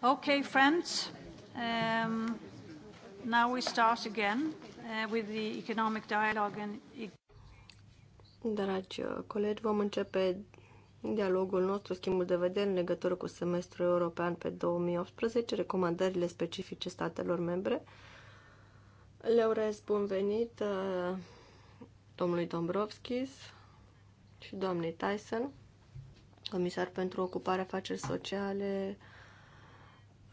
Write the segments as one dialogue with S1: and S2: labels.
S1: Okay, friends. Um, now we start again uh, with the economic dialogue and
S2: Dragi uh, colegi, vom începe dialogul nostru, schimbul de vedere în legătură cu semestrul european pe 2018, recomandările specifice statelor membre. Le urez bun venit uh, domnului Dombrovskis și doamnei Tyson, comisar pentru ocupare, afaceri sociale,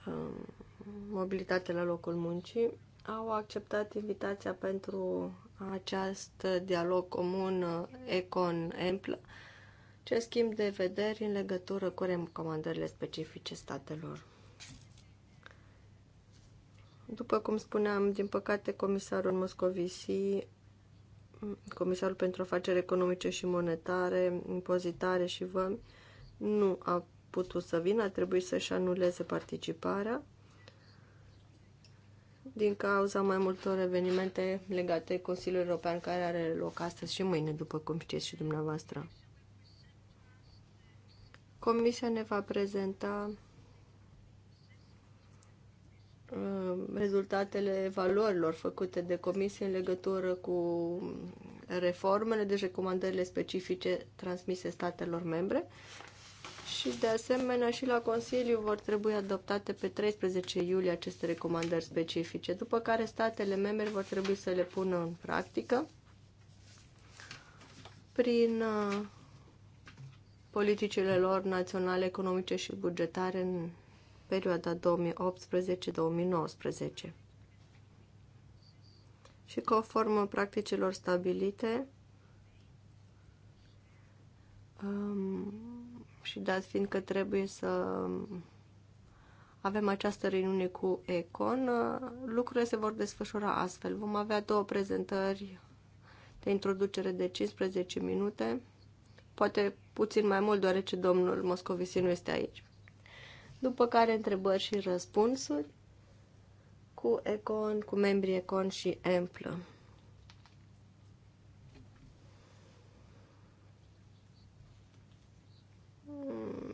S2: Um, mobilitate la locul muncii au acceptat invitația pentru acest dialog comun uh, Econ-Empl, ce schimb de vederi în legătură cu recomandările specifice statelor. După cum spuneam, din păcate, comisarul Moscovici, comisarul pentru afaceri economice și monetare, impozitare și vămi, nu a putut să vină, a trebuit să-și anuleze participarea din cauza mai multor evenimente legate de Consiliul European care are loc astăzi și mâine, după cum știți și dumneavoastră. Comisia ne va prezenta uh, rezultatele evaluărilor făcute de comisie în legătură cu reformele, deci recomandările specifice transmise statelor membre și de asemenea și la Consiliu vor trebui adoptate pe 13 iulie aceste recomandări specifice, după care statele membre vor trebui să le pună în practică prin uh, politicile lor naționale, economice și bugetare în perioada 2018-2019. Și conform practicilor stabilite, um, și dat fiind că trebuie să avem această reuniune cu Econ, lucrurile se vor desfășura astfel. Vom avea două prezentări de introducere de 15 minute, poate puțin mai mult, deoarece domnul Moscovici nu este aici. După care întrebări și răspunsuri cu Econ, cu membrii Econ și Emplă.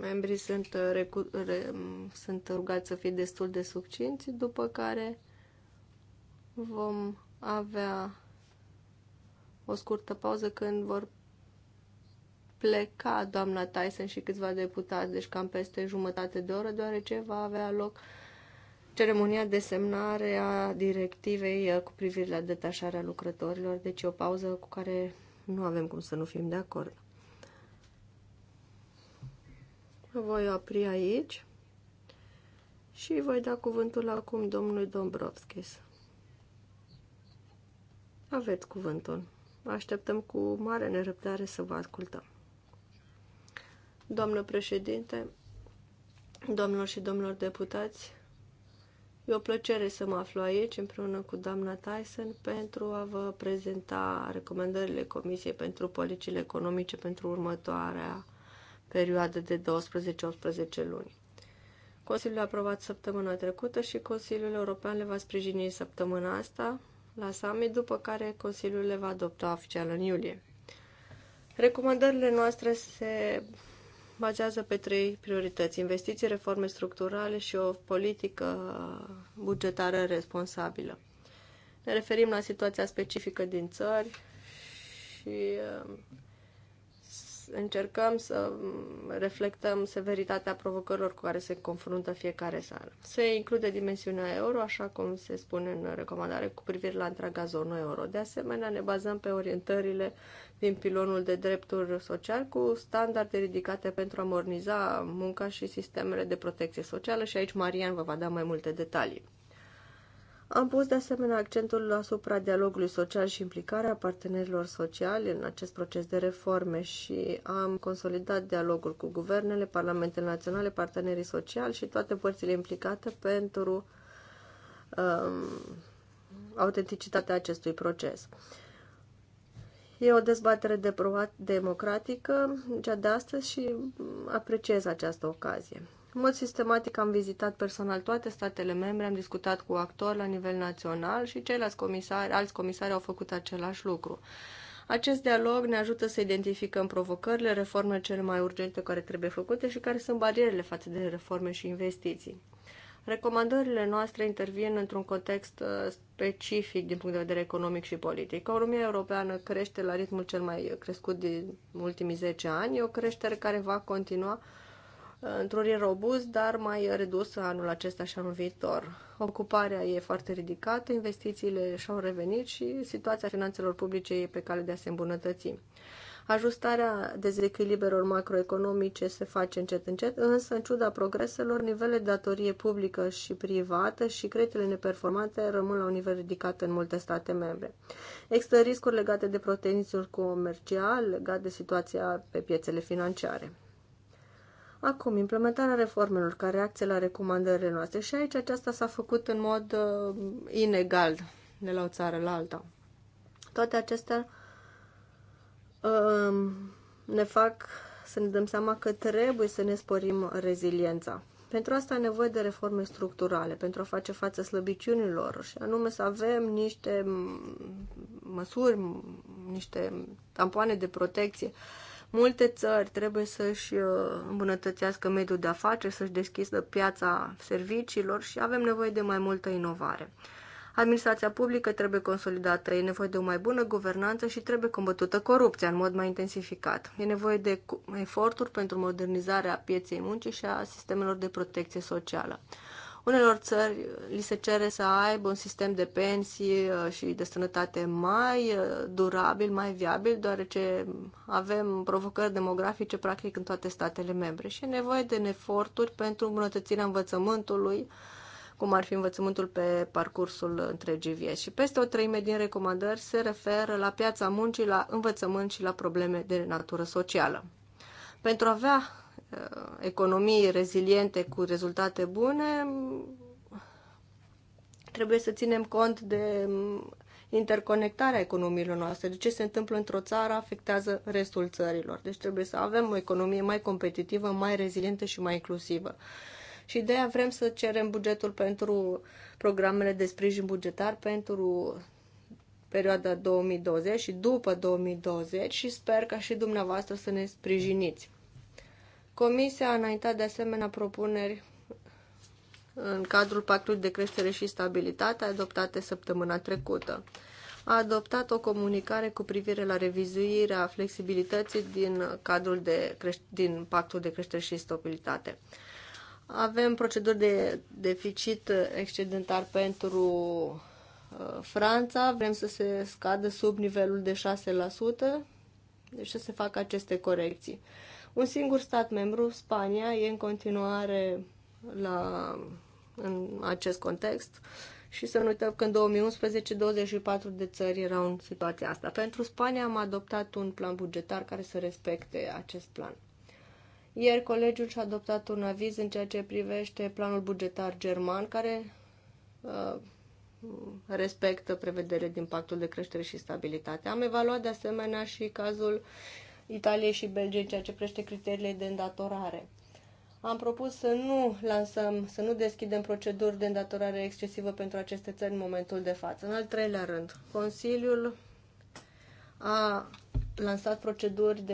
S2: membrii sunt, uh, recu- re- sunt rugați să fie destul de succinți, după care vom avea o scurtă pauză când vor pleca doamna Tyson și câțiva deputați, deci cam peste jumătate de oră, deoarece va avea loc ceremonia de semnare a directivei uh, cu privire la detașarea lucrătorilor, deci o pauză cu care nu avem cum să nu fim de acord. Voi opri aici și voi da cuvântul acum domnului Dombrovskis. Aveți cuvântul. Așteptăm cu mare nerăbdare să vă ascultăm. Doamnă președinte, domnilor și domnilor deputați, e o plăcere să mă aflu aici împreună cu doamna Tyson pentru a vă prezenta recomandările Comisiei pentru Politicile Economice pentru următoarea perioadă de 12-18 luni. Consiliul a aprobat săptămâna trecută și Consiliul European le va sprijini săptămâna asta la summit, după care Consiliul le va adopta oficial în iulie. Recomandările noastre se bazează pe trei priorități. Investiții, reforme structurale și o politică bugetară responsabilă. Ne referim la situația specifică din țări și încercăm să reflectăm severitatea provocărilor cu care se confruntă fiecare țară. Se include dimensiunea euro, așa cum se spune în recomandare, cu privire la întreaga zonă euro. De asemenea, ne bazăm pe orientările din pilonul de drepturi social cu standarde ridicate pentru a morniza munca și sistemele de protecție socială și aici Marian vă va da mai multe detalii. Am pus de asemenea accentul asupra dialogului social și implicarea partenerilor sociali în acest proces de reforme și am consolidat dialogul cu guvernele, parlamentele naționale, partenerii sociali și toate părțile implicate pentru um, autenticitatea acestui proces. E o dezbatere de democratică, cea de astăzi, și apreciez această ocazie. În mod sistematic am vizitat personal toate statele membre, am discutat cu actori la nivel național și ceilalți comisari, alți comisari au făcut același lucru. Acest dialog ne ajută să identificăm provocările, reformele cele mai urgente care trebuie făcute și care sunt barierele față de reforme și investiții. Recomandările noastre intervin într-un context uh, specific din punct de vedere economic și politic. Economia europeană crește la ritmul cel mai crescut din ultimii 10 ani, e o creștere care va continua într-un robust, dar mai redus anul acesta și anul viitor. Ocuparea e foarte ridicată, investițiile și-au revenit și situația finanțelor publice e pe cale de a se îmbunătăți. Ajustarea dezechilibrelor macroeconomice se face încet încet, însă în ciuda progreselor, nivele de datorie publică și privată și creditele neperformante rămân la un nivel ridicat în multe state membre. Există riscuri legate de proteințuri comercial, legat de situația pe piețele financiare. Acum, implementarea reformelor care reacție la recomandările noastre și aici aceasta s-a făcut în mod uh, inegal de la o țară la alta. Toate acestea uh, ne fac să ne dăm seama că trebuie să ne sporim reziliența. Pentru asta ai nevoie de reforme structurale, pentru a face față slăbiciunilor și anume să avem niște mm, măsuri, niște tampoane de protecție uh, Multe țări trebuie să-și uh, îmbunătățească mediul de afaceri, să-și deschidă piața serviciilor și avem nevoie de mai multă inovare. Administrația publică trebuie consolidată, e nevoie de o mai bună guvernanță și trebuie combătută corupția în mod mai intensificat. E nevoie de eforturi pentru modernizarea pieței muncii și a sistemelor de protecție socială. Unelor țări uh, li se cere să aibă un sistem de pensii uh, și de sănătate mai uh, durabil, mai viabil, deoarece avem provocări demografice practic în toate statele membre și e nevoie de eforturi pentru îmbunătățirea învățământului, cum ar fi învățământul pe parcursul întregii vieți. Și peste o treime din recomandări se referă la piața muncii, la învățământ și la probleme de natură socială. Pentru a avea Uh, economii reziliente cu rezultate bune, trebuie să ținem cont de um, interconectarea economiilor noastre. De ce se întâmplă într-o țară afectează restul țărilor. Deci trebuie să avem o economie mai competitivă, mai rezilientă și mai inclusivă. Și de aia vrem să cerem bugetul pentru programele de sprijin bugetar pentru perioada 2020 și după 2020 și sper ca și dumneavoastră să ne sprijiniți. Comisia a înaintat de asemenea propuneri în cadrul pactului de creștere și stabilitate adoptate săptămâna trecută. A adoptat o comunicare cu privire la revizuirea flexibilității din cadrul de din pactul de creștere și stabilitate. Avem proceduri de deficit excedentar pentru uh, Franța, vrem să se scadă sub nivelul de 6%, deci să se facă aceste corecții. Un singur stat membru, Spania, e în continuare la, în acest context și să nu uităm că în 2011 24 de țări erau în situația asta. Pentru Spania am adoptat un plan bugetar care să respecte acest plan. Ieri colegiul și-a adoptat un aviz în ceea ce privește planul bugetar german care uh, respectă prevederile din pactul de creștere și stabilitate. Am evaluat de asemenea și cazul uh, Italiei și Belgiei în ceea ce prește criteriile de îndatorare. Am propus să nu lansăm, să nu deschidem proceduri de îndatorare excesivă pentru aceste țări în momentul de față. În al treilea rând, Consiliul a lansat proceduri de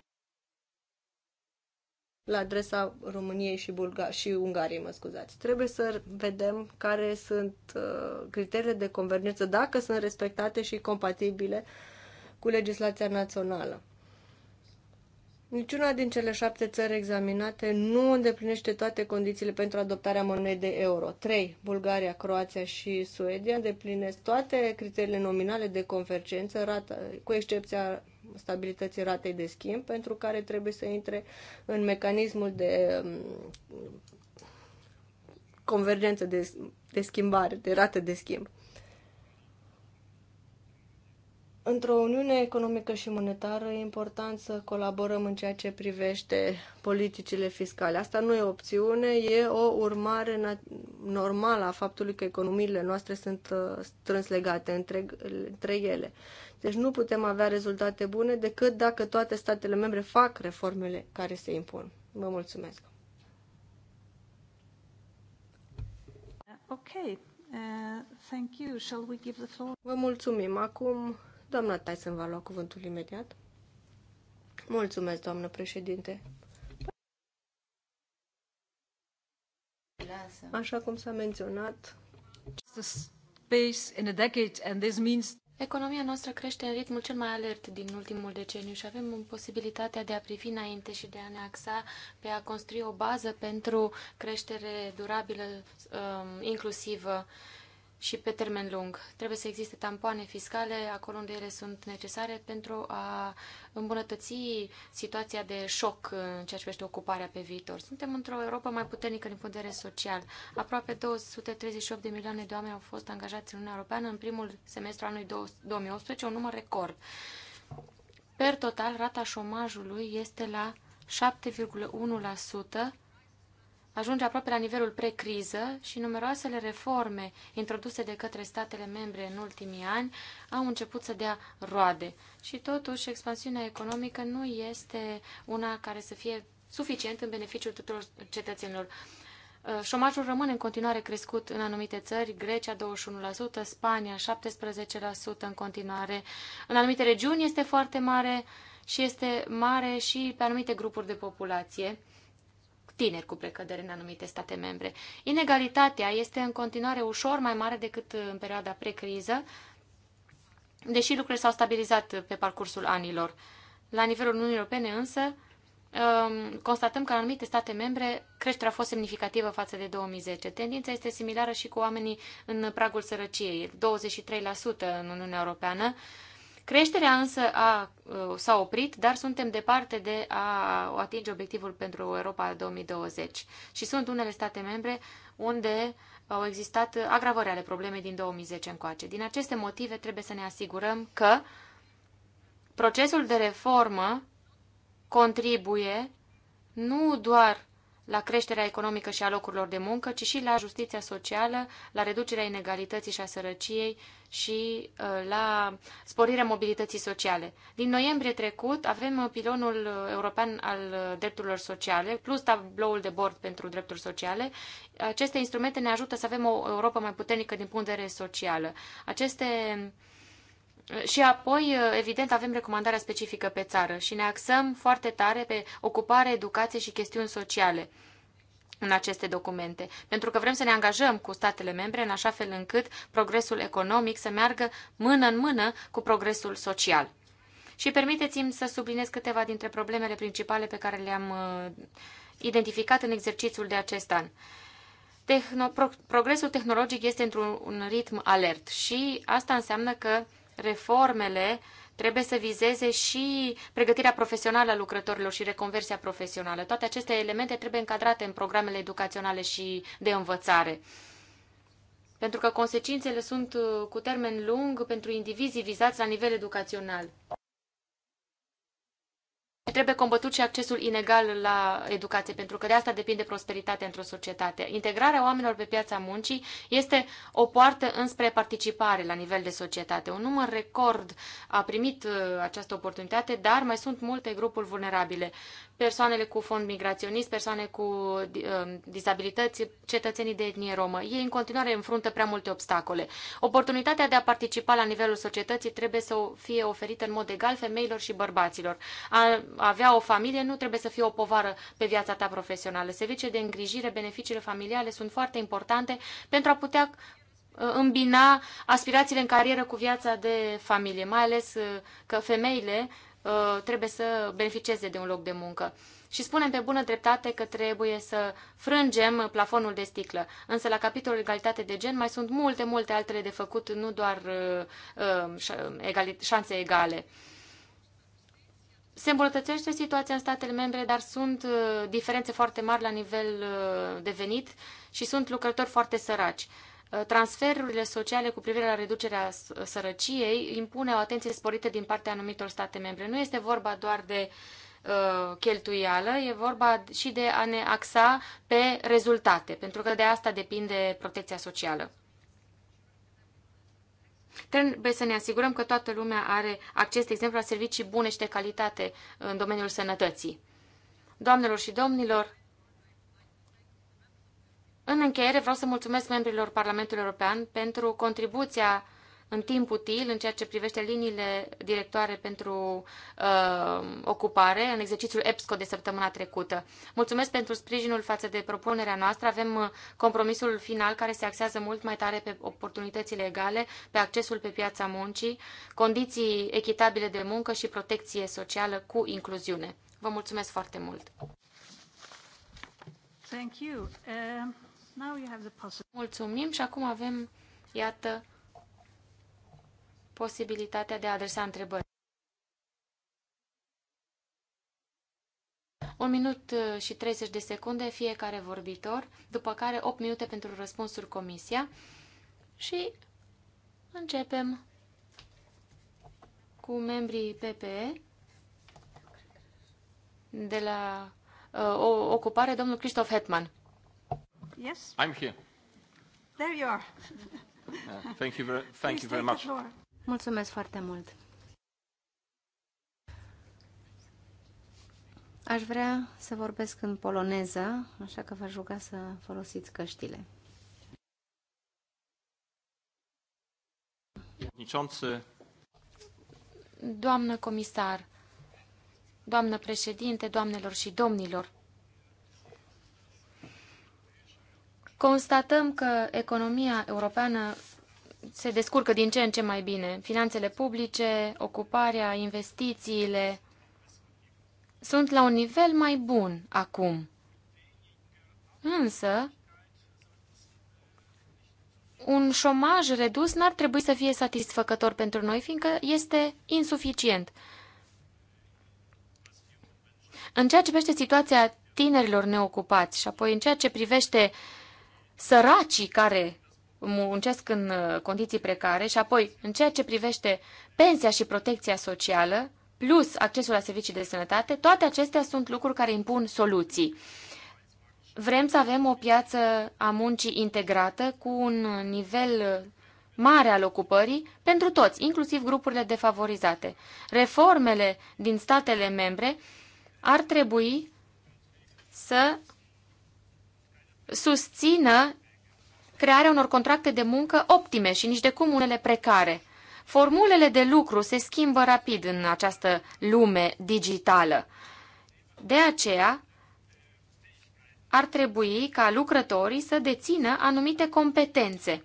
S2: la adresa României și, Bulga- și Ungariei, mă scuzați. Trebuie să vedem care sunt uh, criteriile de convergență, dacă sunt respectate și compatibile cu legislația națională. Niciuna din cele șapte țări examinate nu îndeplinește toate condițiile pentru adoptarea monedei euro. 3. Bulgaria, Croația și Suedia îndeplinesc toate criteriile nominale de convergență, rata, cu excepția stabilității ratei de schimb, pentru care trebuie să intre în mecanismul de um, convergență de, de schimbare, de rată de schimb. Într-o uniune economică și monetară e important să colaborăm în ceea ce privește politicile fiscale. Asta nu e opțiune, e o urmare normală a faptului că economiile noastre sunt uh, strâns legate între, între ele. Deci nu putem avea rezultate bune decât dacă toate statele membre fac reformele care se impun. Vă mulțumesc! Ok, uh, thank you. Shall we give the floor? Vă mulțumim. Acum Doamna Tyson va lua cuvântul imediat. Mulțumesc, doamnă președinte.
S1: Așa cum s-a menționat, space in a decade and this means Economia
S3: noastră crește în ritmul cel mai alert din ultimul deceniu și avem posibilitatea de a privi înainte și de a ne axa pe a construi o bază pentru creștere durabilă, um, inclusivă și pe termen lung. Trebuie să existe tampoane fiscale acolo unde ele sunt necesare pentru a îmbunătăți situația de șoc în ceea ce privește ocuparea pe viitor. Suntem într-o Europa mai puternică din punct de vedere social. Aproape 238 de milioane de oameni au fost angajați în Uniunea Europeană în primul semestru anului 2018, un număr record. Per total, rata șomajului este la 7,1%, ajunge aproape la nivelul precriză și numeroasele reforme introduse de către statele membre în ultimii ani au început să dea roade. Și totuși, expansiunea economică nu este una care să fie suficient în beneficiul tuturor cetățenilor. Uh, șomajul rămâne în continuare crescut în anumite țări, Grecia 21%, Spania 17% în continuare. În anumite regiuni este foarte mare și este mare și pe anumite grupuri de populație tineri cu precădere în anumite state membre. Inegalitatea este în continuare ușor mai mare decât în perioada precriză, deși lucrurile s-au stabilizat pe parcursul anilor. La nivelul Uniunii Europene însă, um, constatăm că în anumite state membre creșterea a fost semnificativă față de 2010. Tendința este similară și cu oamenii în pragul sărăciei, 23% în Uniunea Europeană, Creșterea însă a, uh, s-a oprit, dar suntem departe de a atinge obiectivul pentru Europa 2020. Și sunt unele state membre unde au existat agravări ale problemei din 2010 încoace. Din aceste motive trebuie să ne asigurăm că procesul de reformă contribuie nu doar la creșterea economică și a locurilor de muncă, ci și la justiția socială, la reducerea inegalității și a sărăciei și uh, la sporirea mobilității sociale. Din noiembrie trecut avem uh, pilonul uh, european al drepturilor sociale, plus tabloul de bord pentru drepturi sociale. Aceste instrumente ne ajută să avem o Europa mai puternică din punct de vedere socială. Aceste uh, și apoi, evident, avem recomandarea specifică pe țară și ne axăm foarte tare pe ocupare, educație și chestiuni sociale în aceste documente, pentru că vrem să ne angajăm cu statele membre în așa fel încât progresul economic să meargă mână în mână cu progresul social. Și permiteți-mi să subliniez câteva dintre problemele principale pe care le-am uh, identificat în exercițiul de acest an. Tehno, pro, progresul tehnologic este într-un ritm alert și asta înseamnă că reformele trebuie să vizeze și pregătirea profesională a lucrătorilor și reconversia profesională. Toate aceste elemente trebuie încadrate în programele educaționale și de învățare. Pentru că consecințele sunt uh, cu termen lung pentru indivizii vizați la nivel educațional. Trebuie combătut și accesul inegal la educație, pentru că de asta depinde prosperitatea într-o societate. Integrarea oamenilor pe piața muncii este o poartă înspre participare la nivel de societate. Un număr record a primit uh, această oportunitate, dar mai sunt multe grupuri vulnerabile. Persoanele cu fond migraționist, persoane cu uh, dizabilități, cetățenii de etnie romă. Ei în continuare înfruntă prea multe obstacole. Oportunitatea de a participa la nivelul societății trebuie să fie oferită în mod egal femeilor și bărbaților. A avea o familie nu trebuie să fie o povară pe viața ta profesională. Serviciile de îngrijire, beneficiile familiale sunt foarte importante pentru a putea uh, îmbina aspirațiile în carieră cu viața de familie, mai ales uh, că femeile uh, trebuie să beneficieze de un loc de muncă. Și spunem pe bună dreptate că trebuie să frângem plafonul de sticlă. Însă la capitolul egalitate de gen mai sunt multe, multe altele de făcut, nu doar uh, șanse egale se îmbunătățește situația în statele membre, dar sunt uh, diferențe foarte mari la nivel uh, de venit și sunt lucrători foarte săraci. Uh, transferurile sociale cu privire la reducerea sărăciei impune o atenție sporită din partea anumitor state membre. Nu este vorba doar de cheltuială, e vorba și de a ne axa pe rezultate, pentru că de asta depinde protecția socială. Trebuie să ne asigurăm că toată lumea are acces, de exemplu, la servicii bune și de calitate în domeniul sănătății. Doamnelor și domnilor, în încheiere vreau să mulțumesc membrilor Parlamentului European pentru contribuția în timp util în ceea ce privește liniile directoare pentru uh, ocupare în exercițiul EPSCO de săptămâna trecută. Mulțumesc pentru sprijinul față de propunerea noastră. Avem uh, compromisul final care se axează mult mai tare pe oportunitățile egale, pe accesul pe piața muncii, condiții echitabile de muncă și protecție socială cu incluziune. Vă mulțumesc foarte mult!
S1: Thank you. Uh, now you have the
S3: Mulțumim și acum avem, iată, posibilitatea de a adresa întrebări. Un minut uh, și 30 de secunde fiecare vorbitor, după care 8 minute pentru răspunsuri comisia și începem cu membrii PPE de la uh, o ocupare, domnul Christoph Hetman.
S4: Yes. I'm here. There you are. uh, thank you very, thank you very much.
S5: Mulțumesc foarte mult! Aș vrea să vorbesc în poloneză, așa că v-aș ruga să folosiți căștile.
S3: Doamnă comisar, doamnă președinte, doamnelor și domnilor, constatăm că economia europeană se descurcă din ce în ce mai bine. Finanțele publice, ocuparea, investițiile sunt la un nivel mai bun acum. Însă, un șomaj redus n-ar trebui să fie satisfăcător pentru noi, fiindcă este insuficient. În ceea ce privește situația tinerilor neocupați și apoi în ceea ce privește săracii care muncesc în uh, condiții precare și apoi, în ceea ce privește pensia și protecția socială, plus accesul la servicii de sănătate, toate acestea sunt lucruri care impun soluții. Vrem să avem o piață a muncii integrată cu un nivel uh, mare al ocupării pentru toți, inclusiv grupurile defavorizate. Reformele din statele membre ar trebui să susțină crearea unor contracte de muncă optime și nici de cum unele precare. Formulele de lucru se schimbă rapid în această lume digitală. De aceea, ar trebui ca lucrătorii să dețină anumite competențe.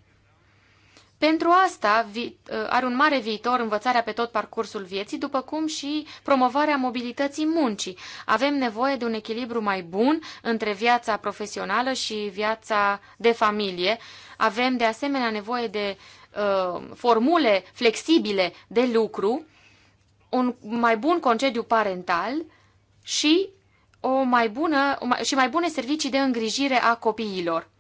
S3: Pentru asta uh, are un mare viitor învățarea pe tot parcursul vieții, după cum și promovarea mobilității muncii. Avem nevoie de un echilibru mai bun între viața profesională și viața de familie. Avem de asemenea nevoie de uh, formule flexibile de lucru, un mai bun concediu parental și o mai bună, și mai bune servicii de îngrijire a copiilor.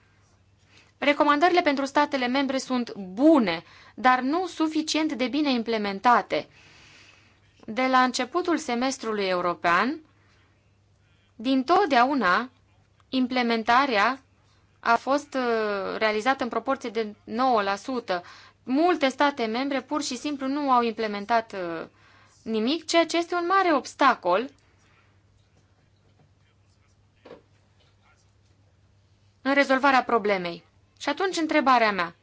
S3: Recomandările pentru statele membre sunt bune, dar nu suficient de bine implementate. De la începutul semestrului european, din totdeauna, implementarea a fost uh, realizată în proporție de 9%. Multe state membre pur și simplu nu au implementat uh, nimic, ceea ce este un mare obstacol în rezolvarea problemei. Și atunci întrebarea mea,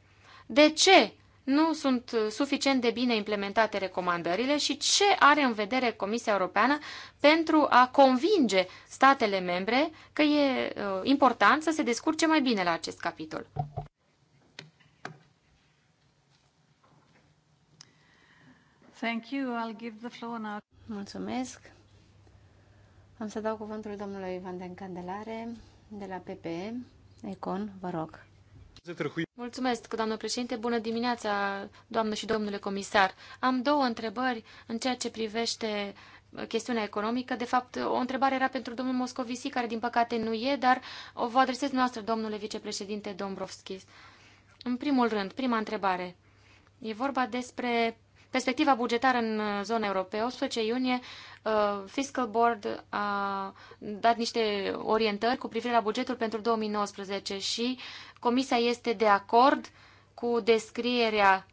S3: de ce nu sunt suficient de bine implementate recomandările și ce are în vedere Comisia Europeană pentru a convinge statele membre că e uh, important să se descurce mai bine la acest capitol.
S2: Thank
S5: you. I'll give the floor now. Mulțumesc. Am să dau cuvântul domnului Ivan Den Candelare de la PPE. Econ, vă rog.
S3: Mulțumesc, doamnă președinte. Bună dimineața, doamnă și domnule comisar. Am două întrebări în ceea ce privește uh, chestiunea economică. De fapt, o întrebare era pentru domnul Moscovici, care din păcate nu e, dar o vă adresez noastră, domnule vicepreședinte Dombrovskis. În primul rând, prima întrebare. E vorba despre perspectiva bugetară în uh, zona europeană. 18 iunie, uh, Fiscal Board a dat niște orientări cu privire la bugetul pentru 2019 și Comisia este de acord cu descrierea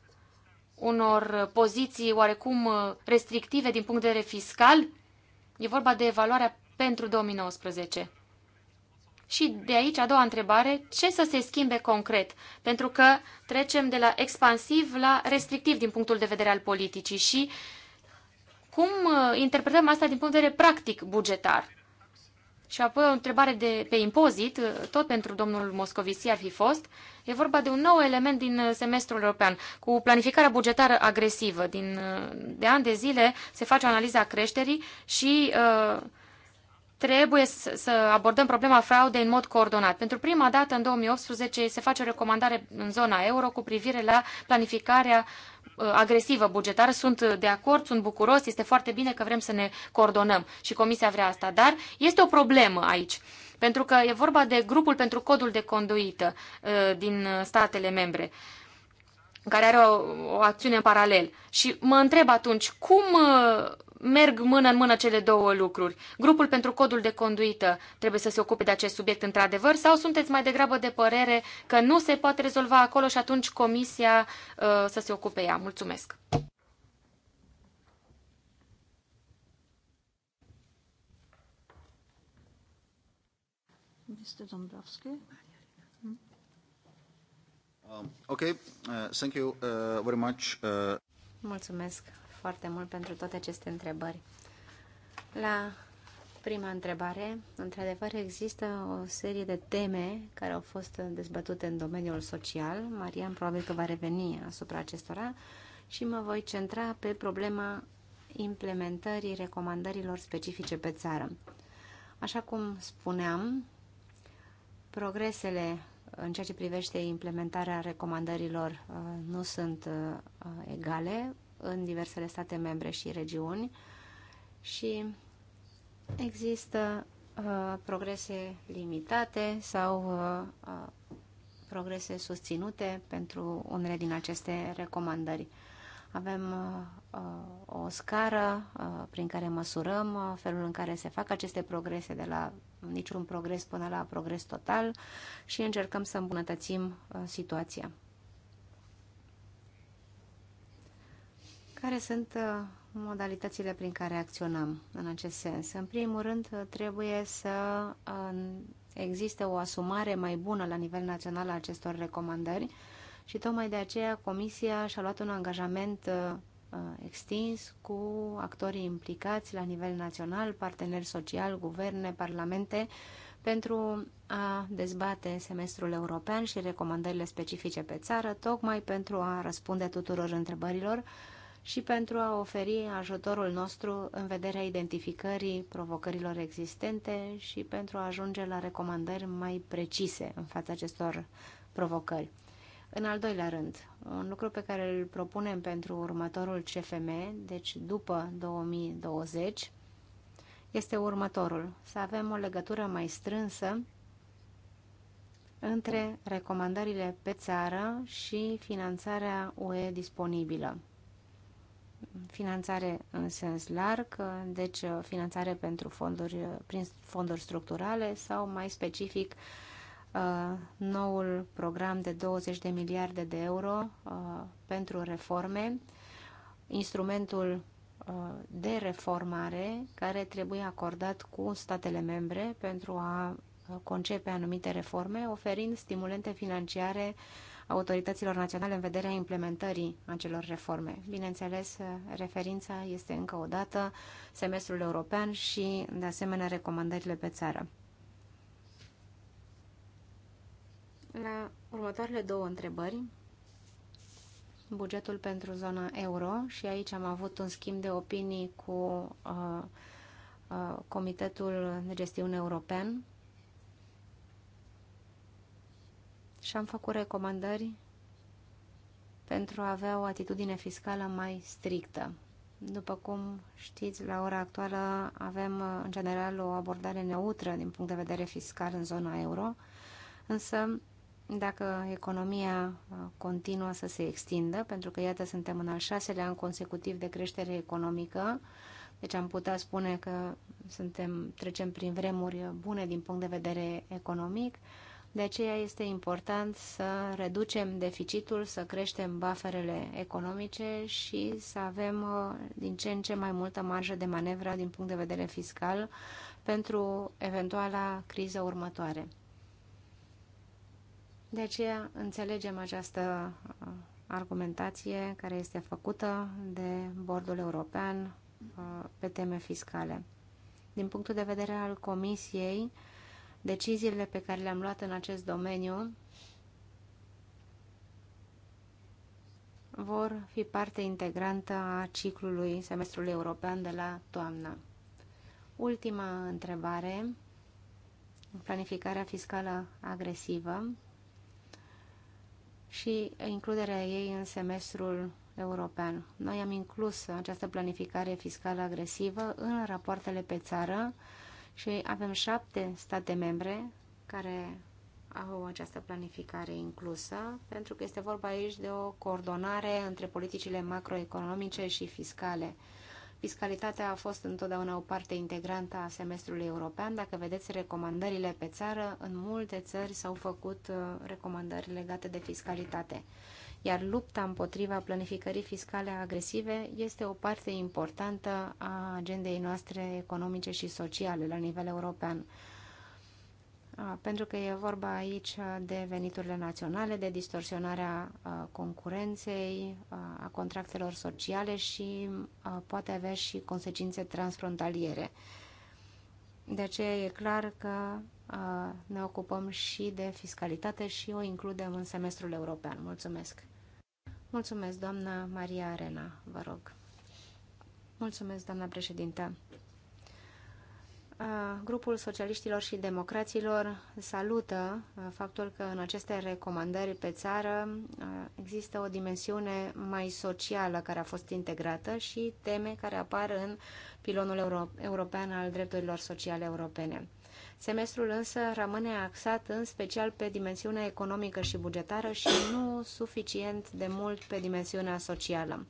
S3: unor poziții oarecum uh, restrictive din punct de vedere fiscal. E vorba de evaluarea pentru 2019. Și de aici a doua întrebare, ce să se schimbe concret? Pentru că trecem de la expansiv la restrictiv din punctul de vedere al politicii și cum uh, interpretăm asta din punct de vedere practic bugetar? Și apoi o întrebare de, pe impozit, tot pentru domnul Moscovici ar fi fost. E vorba de un nou element din uh, semestrul european, cu planificarea bugetară agresivă. Din, uh, de ani de zile se face o analiza creșterii și uh, trebuie să, abordăm problema fraudei în mod coordonat. Pentru prima dată, în 2018, se face o recomandare în zona euro cu privire la planificarea uh, agresivă bugetară. Sunt de acord, sunt bucuros, este foarte bine că vrem să ne coordonăm și Comisia vrea asta, dar este o problemă aici. Pentru că e vorba de grupul pentru codul de conduită uh, din statele membre care are o, o acțiune în paralel. Și mă întreb atunci, cum uh, merg mână în mână cele două lucruri. Grupul pentru codul de conduită trebuie să se ocupe de acest subiect într-adevăr sau sunteți mai degrabă de părere că nu se poate rezolva acolo și atunci comisia uh, să se ocupe ea? Mulțumesc!
S1: Mr. Dombrovski.
S6: Um, okay, uh, thank you uh, very much. Uh...
S5: Mulțumesc foarte mult pentru toate aceste întrebări. La prima întrebare, într-adevăr există o serie de teme care au fost dezbătute în domeniul social. Marian probabil că va reveni asupra acestora și mă voi centra pe problema implementării recomandărilor specifice pe țară. Așa cum spuneam, progresele în ceea ce privește implementarea recomandărilor uh, nu sunt uh, uh, egale în diversele state membre și regiuni și există uh, progrese limitate sau uh, uh progrese susținute pentru unele din aceste recomandări. Avem uh, uh, o scară uh, prin care măsurăm uh, felul în care se fac aceste progrese, de la niciun progres până la progres total și încercăm să îmbunătățim uh, situația. care sunt uh, modalitățile prin care acționăm în acest sens? În primul rând, uh, trebuie să uh, existe o asumare mai bună la nivel național a acestor recomandări și tocmai de aceea Comisia și-a luat un angajament extins cu actorii implicați la nivel național, parteneri social, guverne, parlamente, pentru a dezbate semestrul european și recomandările specifice pe țară, tocmai pentru a răspunde tuturor întrebărilor și pentru a oferi ajutorul nostru în vederea identificării provocărilor existente și pentru a ajunge la recomandări mai precise în fața acestor provocări. În al doilea rând, un lucru pe care îl propunem pentru următorul CFM, deci după 2020, este următorul. Să avem o legătură mai strânsă între recomandările pe țară și finanțarea UE disponibilă finanțare în sens larg, deci uh, finanțare pentru fonduri, uh, prin fonduri structurale sau mai specific uh, noul program de 20 de miliarde de euro pentru reforme, instrumentul de reformare care trebuie acordat cu statele membre pentru a concepe anumite reforme, oferind stimulente financiare uh, autorităților naționale în vederea implementării acelor reforme. Bineînțeles, referința este încă o dată semestrul european și, de asemenea, recomandările pe țară. La următoarele două întrebări, bugetul pentru zona euro și aici am avut un schimb de opinii cu uh, uh, Comitetul de Gestiune European și am făcut recomandări pentru a avea o atitudine fiscală mai strictă. După cum știți, la ora actuală avem în general o abordare neutră din punct de vedere fiscal în zona euro, însă dacă economia uh, continuă să se extindă, pentru că iată suntem în al șaselea an consecutiv de creștere economică, deci am putea spune că suntem, trecem prin vremuri bune din punct de vedere economic, de aceea este important să reducem deficitul, să creștem buferele economice și să avem uh, din ce în ce mai multă marjă de manevră din punct de vedere fiscal pentru eventuala criză următoare. De aceea înțelegem această uh, argumentație care este făcută de Bordul European uh, pe teme fiscale. Din punctul de vedere al Comisiei, Deciziile pe care le-am luat în acest domeniu vor fi parte integrantă a ciclului semestrului european de la toamnă. Ultima întrebare, planificarea fiscală agresivă și includerea ei în semestrul european. Noi am inclus această planificare fiscală agresivă în rapoartele pe țară și avem șapte state membre care au această planificare inclusă, pentru că este vorba aici de o coordonare între politicile macroeconomice și fiscale. Fiscalitatea a fost întotdeauna o parte integrantă a semestrului european. Dacă vedeți recomandările pe țară, în multe țări s-au făcut uh, recomandări legate de fiscalitate iar lupta împotriva planificării fiscale agresive este o parte importantă a agendei noastre economice și sociale la nivel european. Pentru că e vorba aici de veniturile naționale, de distorsionarea concurenței, a contractelor sociale și poate avea și consecințe transfrontaliere. De aceea e clar că ne ocupăm și de fiscalitate și o includem în semestrul european. Mulțumesc! Mulțumesc, doamna Maria Arena, vă rog. Mulțumesc, doamna președintă. Grupul Socialiștilor și Democraților salută faptul că în aceste recomandări pe țară există o dimensiune mai socială care a fost integrată și teme care apar în pilonul euro european al drepturilor sociale europene. Semestrul însă rămâne axat în special pe dimensiunea economică și bugetară și nu suficient de mult pe dimensiunea socială.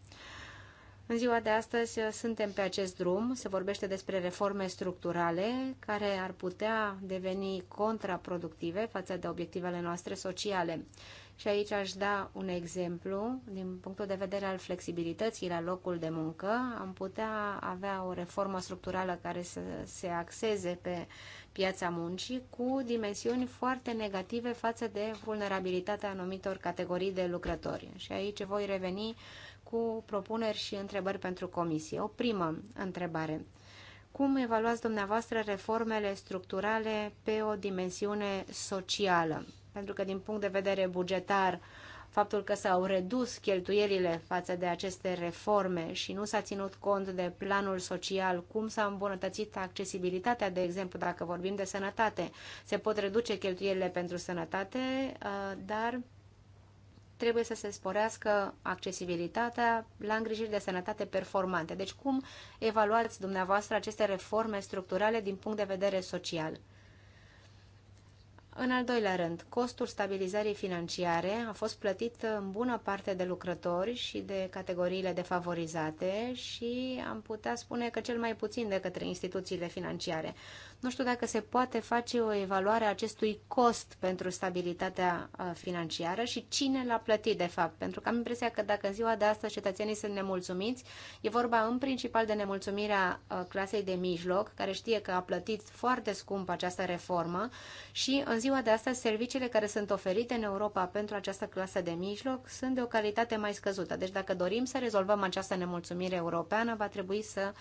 S5: În ziua de astăzi uh, suntem pe acest drum, se vorbește despre reforme structurale care ar putea deveni contraproductive față de obiectivele noastre sociale. Și aici aș da un exemplu, din punctul de vedere al flexibilității la locul de muncă, am putea avea o reformă structurală care să se axeze pe piața muncii cu dimensiuni foarte negative față de vulnerabilitatea anumitor categorii de lucrători. Și aici voi reveni cu propuneri și întrebări pentru comisie. O primă întrebare. Cum evaluați dumneavoastră reformele structurale pe o dimensiune socială? Pentru că din punct de vedere bugetar, faptul că s-au redus cheltuielile față de aceste reforme și nu s-a ținut cont de planul social, cum s-a îmbunătățit accesibilitatea, de exemplu, dacă vorbim de sănătate. Se pot reduce cheltuielile pentru sănătate, uh, dar trebuie să se sporească accesibilitatea la îngrijiri de sănătate performante. Deci cum evaluați dumneavoastră aceste reforme structurale din punct de vedere social? În al doilea rând, costul stabilizării financiare a fost plătit în bună parte de lucrători și de categoriile defavorizate și am putea spune că cel mai puțin de către instituțiile financiare. Nu știu dacă se poate face o evaluare a acestui cost pentru stabilitatea financiară și cine l-a plătit, de fapt. Pentru că am impresia că dacă în ziua de astăzi cetățenii sunt nemulțumiți, e vorba în principal de nemulțumirea clasei de mijloc, care știe că a plătit foarte scump această reformă și în ziua de astăzi serviciile care sunt oferite în Europa pentru această clasă de mijloc sunt de o calitate mai scăzută. Deci dacă dorim să rezolvăm această nemulțumire europeană, va trebui să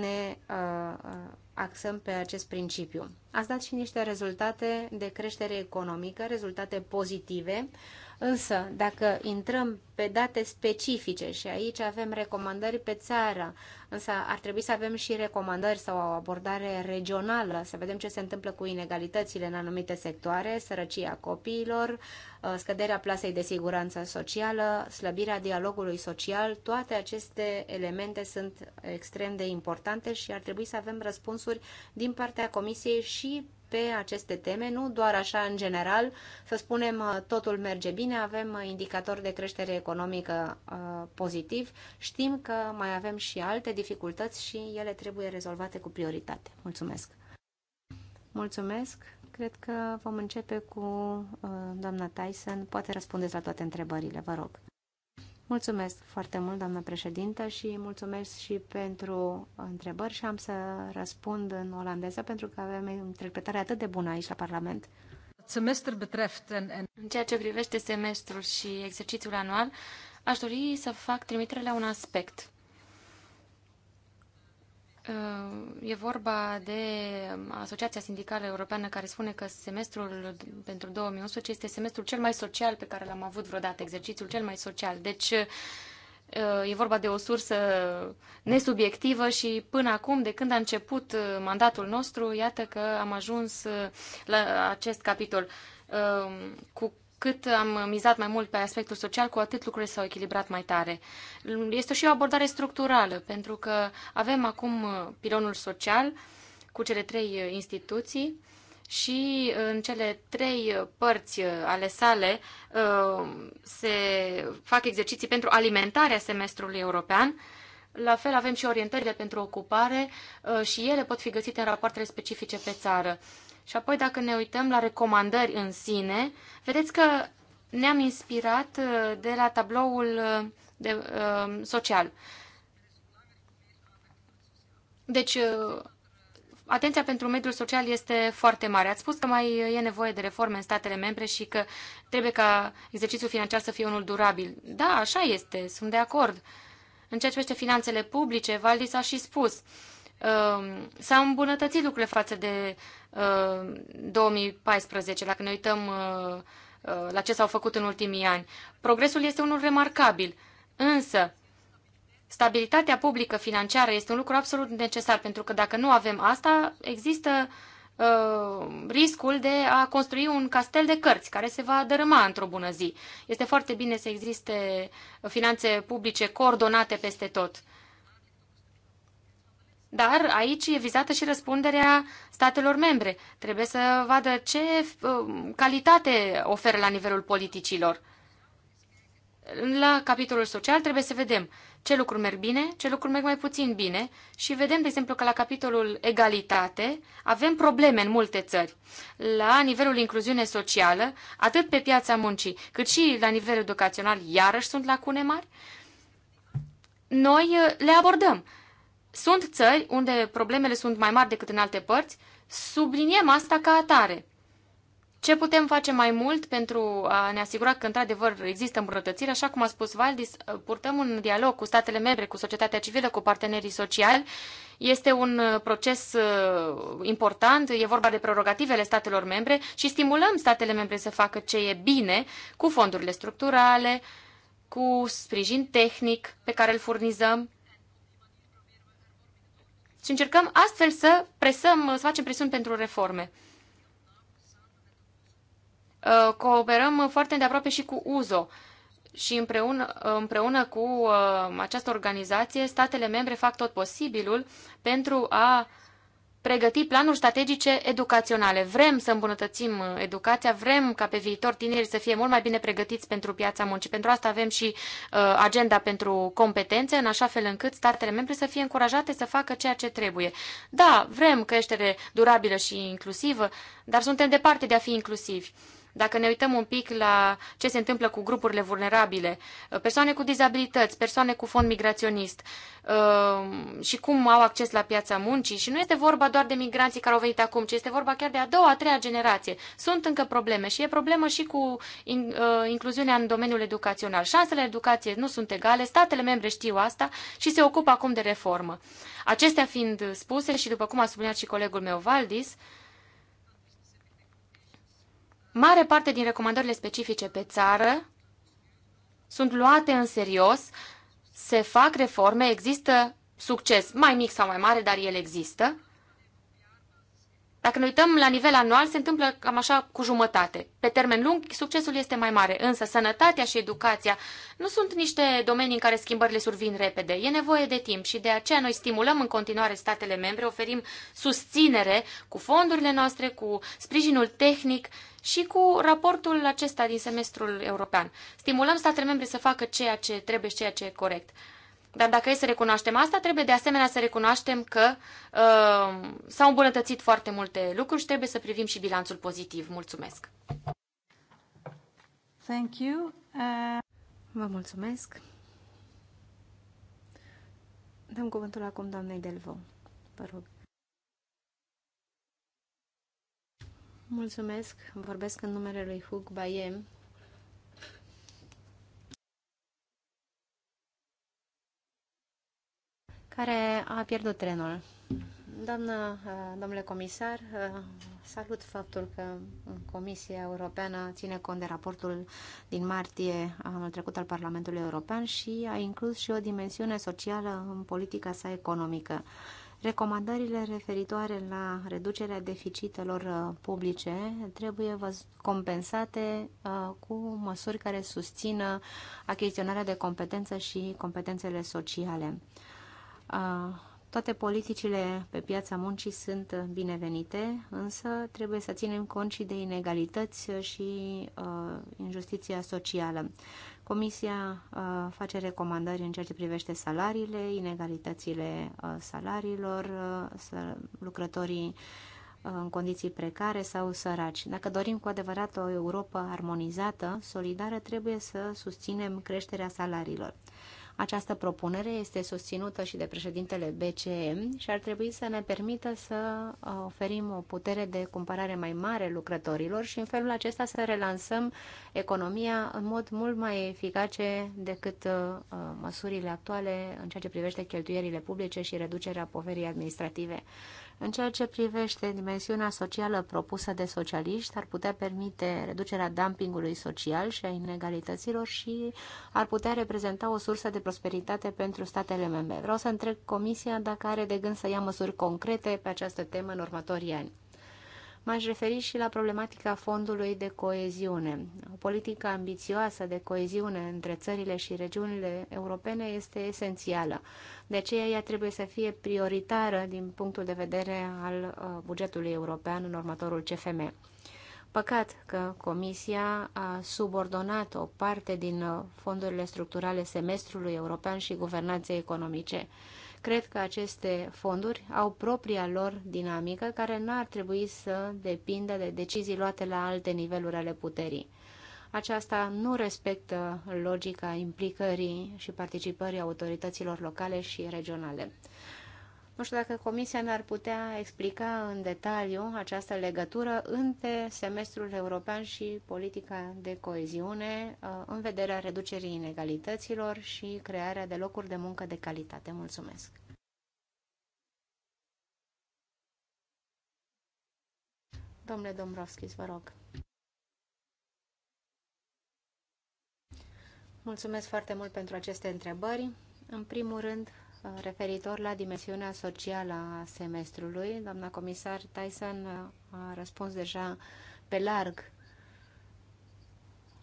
S5: ne uh, uh, axăm pe acest principiu. Ați dat și niște rezultate de creștere economică, rezultate pozitive, uh, Însă, dacă intrăm pe date specifice și aici avem recomandări pe țară, însă ar trebui să avem și recomandări sau o abordare regională, să vedem ce se întâmplă cu inegalitățile în anumite sectoare, sărăcia copiilor, uh, scăderea plasei de siguranță socială, slăbirea dialogului social, toate aceste elemente sunt extrem de importante și ar trebui să avem răspunsuri din partea Comisiei și pe aceste teme, nu doar așa în general, să spunem uh, totul merge bine, avem uh, indicatori de creștere economică uh, pozitiv, știm că mai avem și alte dificultăți și ele trebuie rezolvate cu prioritate. Mulțumesc! Mulțumesc! Cred că vom începe cu doamna Tyson. Poate răspundeți la toate întrebările, vă rog. Mulțumesc foarte mult, doamnă președintă, și mulțumesc și pentru întrebări și am să răspund în olandeză pentru că avem interpretare atât de bună aici la Parlament.
S1: În ceea ce privește semestrul și
S3: exercițiul anual, aș dori să fac trimitere la un aspect. Uh, e vorba de Asociația Sindicală Europeană care spune că semestrul pentru 2011 este semestrul cel mai social pe care l-am avut vreodată, exercițiul cel mai social. Deci uh, e vorba de o sursă nesubiectivă și până acum, de când a început uh, mandatul nostru, iată că am ajuns la acest capitol cu cât am mizat mai mult pe aspectul social, cu atât lucrurile s-au echilibrat mai tare. Este și o abordare structurală, pentru că avem acum uh, pilonul social cu cele trei uh, instituții și uh, în cele trei părți ale sale se fac exerciții pentru alimentarea semestrului european. La fel avem și orientările pentru ocupare și ele pot fi găsite în rapoartele specifice pe țară. Și apoi dacă ne uităm la recomandări în sine, vedeți că ne-am inspirat uh, de la tabloul uh, de, uh, social. Deci, uh, atenția pentru mediul social este foarte mare. Ați spus că mai e nevoie de reforme în statele membre și că trebuie ca exercițiul financiar să fie unul durabil. Da, așa este, sunt de acord. În ceea ce privește finanțele publice, Valdis a și spus, uh, s-au îmbunătățit lucrurile față de 2014, uh, dacă ne uităm uh, uh, la ce s-au făcut în ultimii ani. Progresul este unul remarcabil, însă stabilitatea publică financiară este un lucru absolut necesar, pentru că dacă nu avem asta, există riscul de a construi un castel de cărți care se va dărâma într-o bună zi. Este foarte bine să existe finanțe publice coordonate peste tot. Dar aici e vizată și răspunderea statelor membre. Trebuie să vadă ce uh, calitate oferă la nivelul politicilor. La capitolul social trebuie să vedem ce lucruri merg bine, ce lucruri merg mai puțin bine și vedem, de exemplu, că la capitolul egalitate avem probleme în multe țări. La nivelul incluziune socială, atât pe piața muncii, cât și la nivel educațional, iarăși sunt lacune mari. Noi uh, le abordăm sunt țări unde problemele sunt mai mari decât în alte părți, subliniem asta ca atare. Ce putem face mai mult pentru a ne asigura că, într-adevăr, există îmbunătățiri? Așa cum a spus Valdis, purtăm un dialog cu statele membre, cu societatea civilă, cu partenerii sociali. Este un proces uh, important, e vorba de prerogativele statelor membre și stimulăm statele membre să facă ce e bine cu fondurile structurale, cu sprijin tehnic pe care îl furnizăm și încercăm astfel să presăm, să facem presiuni pentru reforme. Uh, cooperăm foarte de aproape și cu UZO și împreună, uh, împreună cu uh, această organizație, statele membre fac tot posibilul pentru a pregăti planuri strategice educaționale. Vrem să îmbunătățim uh, educația, vrem ca pe viitor tinerii să fie mult mai bine pregătiți pentru piața muncii. Pentru asta avem și uh, agenda pentru competențe, în așa fel încât statele membre să fie încurajate să facă ceea ce trebuie. Da, vrem creștere durabilă și inclusivă, dar suntem departe de a fi inclusivi. Uh, dacă ne uităm un pic la ce se întâmplă cu grupurile vulnerabile, uh, persoane cu dizabilități, persoane cu fond migraționist uh, și cum au acces la piața muncii, și nu este vorba doar de migranții care au venit acum, ci este vorba chiar de a doua, a treia generație. Sunt încă probleme și e problemă și cu uh, incluziunea în domeniul educațional. Șansele educației nu sunt egale, statele membre știu asta și se ocupă acum de reformă. Acestea fiind spuse și după cum a subliniat și colegul meu Valdis, Mare parte din recomandările specifice pe țară sunt luate în serios, se fac reforme, există succes mai mic sau mai mare, dar el există. Dacă ne uităm la nivel anual, se întâmplă cam așa cu jumătate. Pe termen lung, succesul este mai mare, însă sănătatea și educația nu sunt niște domenii în care schimbările survin repede. E nevoie de timp și de aceea noi stimulăm în continuare statele membre, oferim susținere cu fondurile noastre, cu sprijinul tehnic și cu raportul acesta din semestrul european. Stimulăm statele membre să facă ceea ce trebuie și ceea ce e corect. Dar dacă e să recunoaștem asta, trebuie de asemenea să recunoaștem că uh, s-au îmbunătățit foarte multe lucruri și trebuie să privim și bilanțul pozitiv. Mulțumesc!
S6: Thank you. Uh...
S5: Vă mulțumesc. Dăm cuvântul acum doamnei Delvaux. Vă rog. Mulțumesc. Vorbesc în numele lui Hug Bayem, care a pierdut trenul. Doamnă, domnule comisar, salut faptul că Comisia Europeană ține cont de raportul din martie anul trecut al Parlamentului European și a inclus și o dimensiune socială în politica sa economică. Recomandările referitoare la reducerea deficitelor uh, publice trebuie compensate uh, cu măsuri care susțină achiziționarea de competență și competențele sociale. Uh, toate politicile pe piața muncii sunt binevenite, însă trebuie să ținem cont și de inegalități și uh, injustiția socială. Comisia uh, face recomandări în ceea ce privește salariile, inegalitățile uh, salariilor, uh, lucrătorii în condiții precare sau săraci. Dacă dorim cu adevărat o Europa armonizată, solidară, trebuie să susținem creșterea salariilor. Această propunere este susținută și de președintele BCE și ar trebui să ne permită să uh, oferim o putere de cumpărare mai mare lucrătorilor și în felul acesta să relansăm economia în mod mult mai eficace decât uh, uh, măsurile actuale în ceea ce privește cheltuierile publice și reducerea poverii administrative. În ceea ce privește dimensiunea socială propusă de socialiști, ar putea permite reducerea dumpingului social și a inegalităților și ar putea reprezenta o sursă de prosperitate pentru statele membre. Vreau să întreb Comisia dacă are de gând să ia măsuri concrete pe această temă în următorii ani. M-aș referi și la problematica fondului de coeziune. O politică ambițioasă de coeziune între țările și regiunile europene este esențială. De aceea ea trebuie să fie prioritară din punctul de vedere al uh, bugetului european în următorul CFM. Păcat că Comisia a subordonat o parte din uh, fondurile structurale semestrului european și guvernanței economice. Cred că aceste fonduri au propria lor dinamică care nu ar trebui să depindă de decizii luate la alte niveluri ale puterii. Aceasta nu respectă logica implicării și participării autorităților locale și regionale. Nu știu dacă Comisia ne-ar putea explica în detaliu această legătură între semestrul european și politica de coeziune uh, în vederea reducerii inegalităților și crearea de locuri de muncă de calitate. Mulțumesc! Domnule Dombrovskis, vă rog. Mulțumesc foarte mult pentru aceste întrebări. În primul rând, referitor la dimensiunea socială a semestrului. Doamna comisar Tyson a răspuns deja pe larg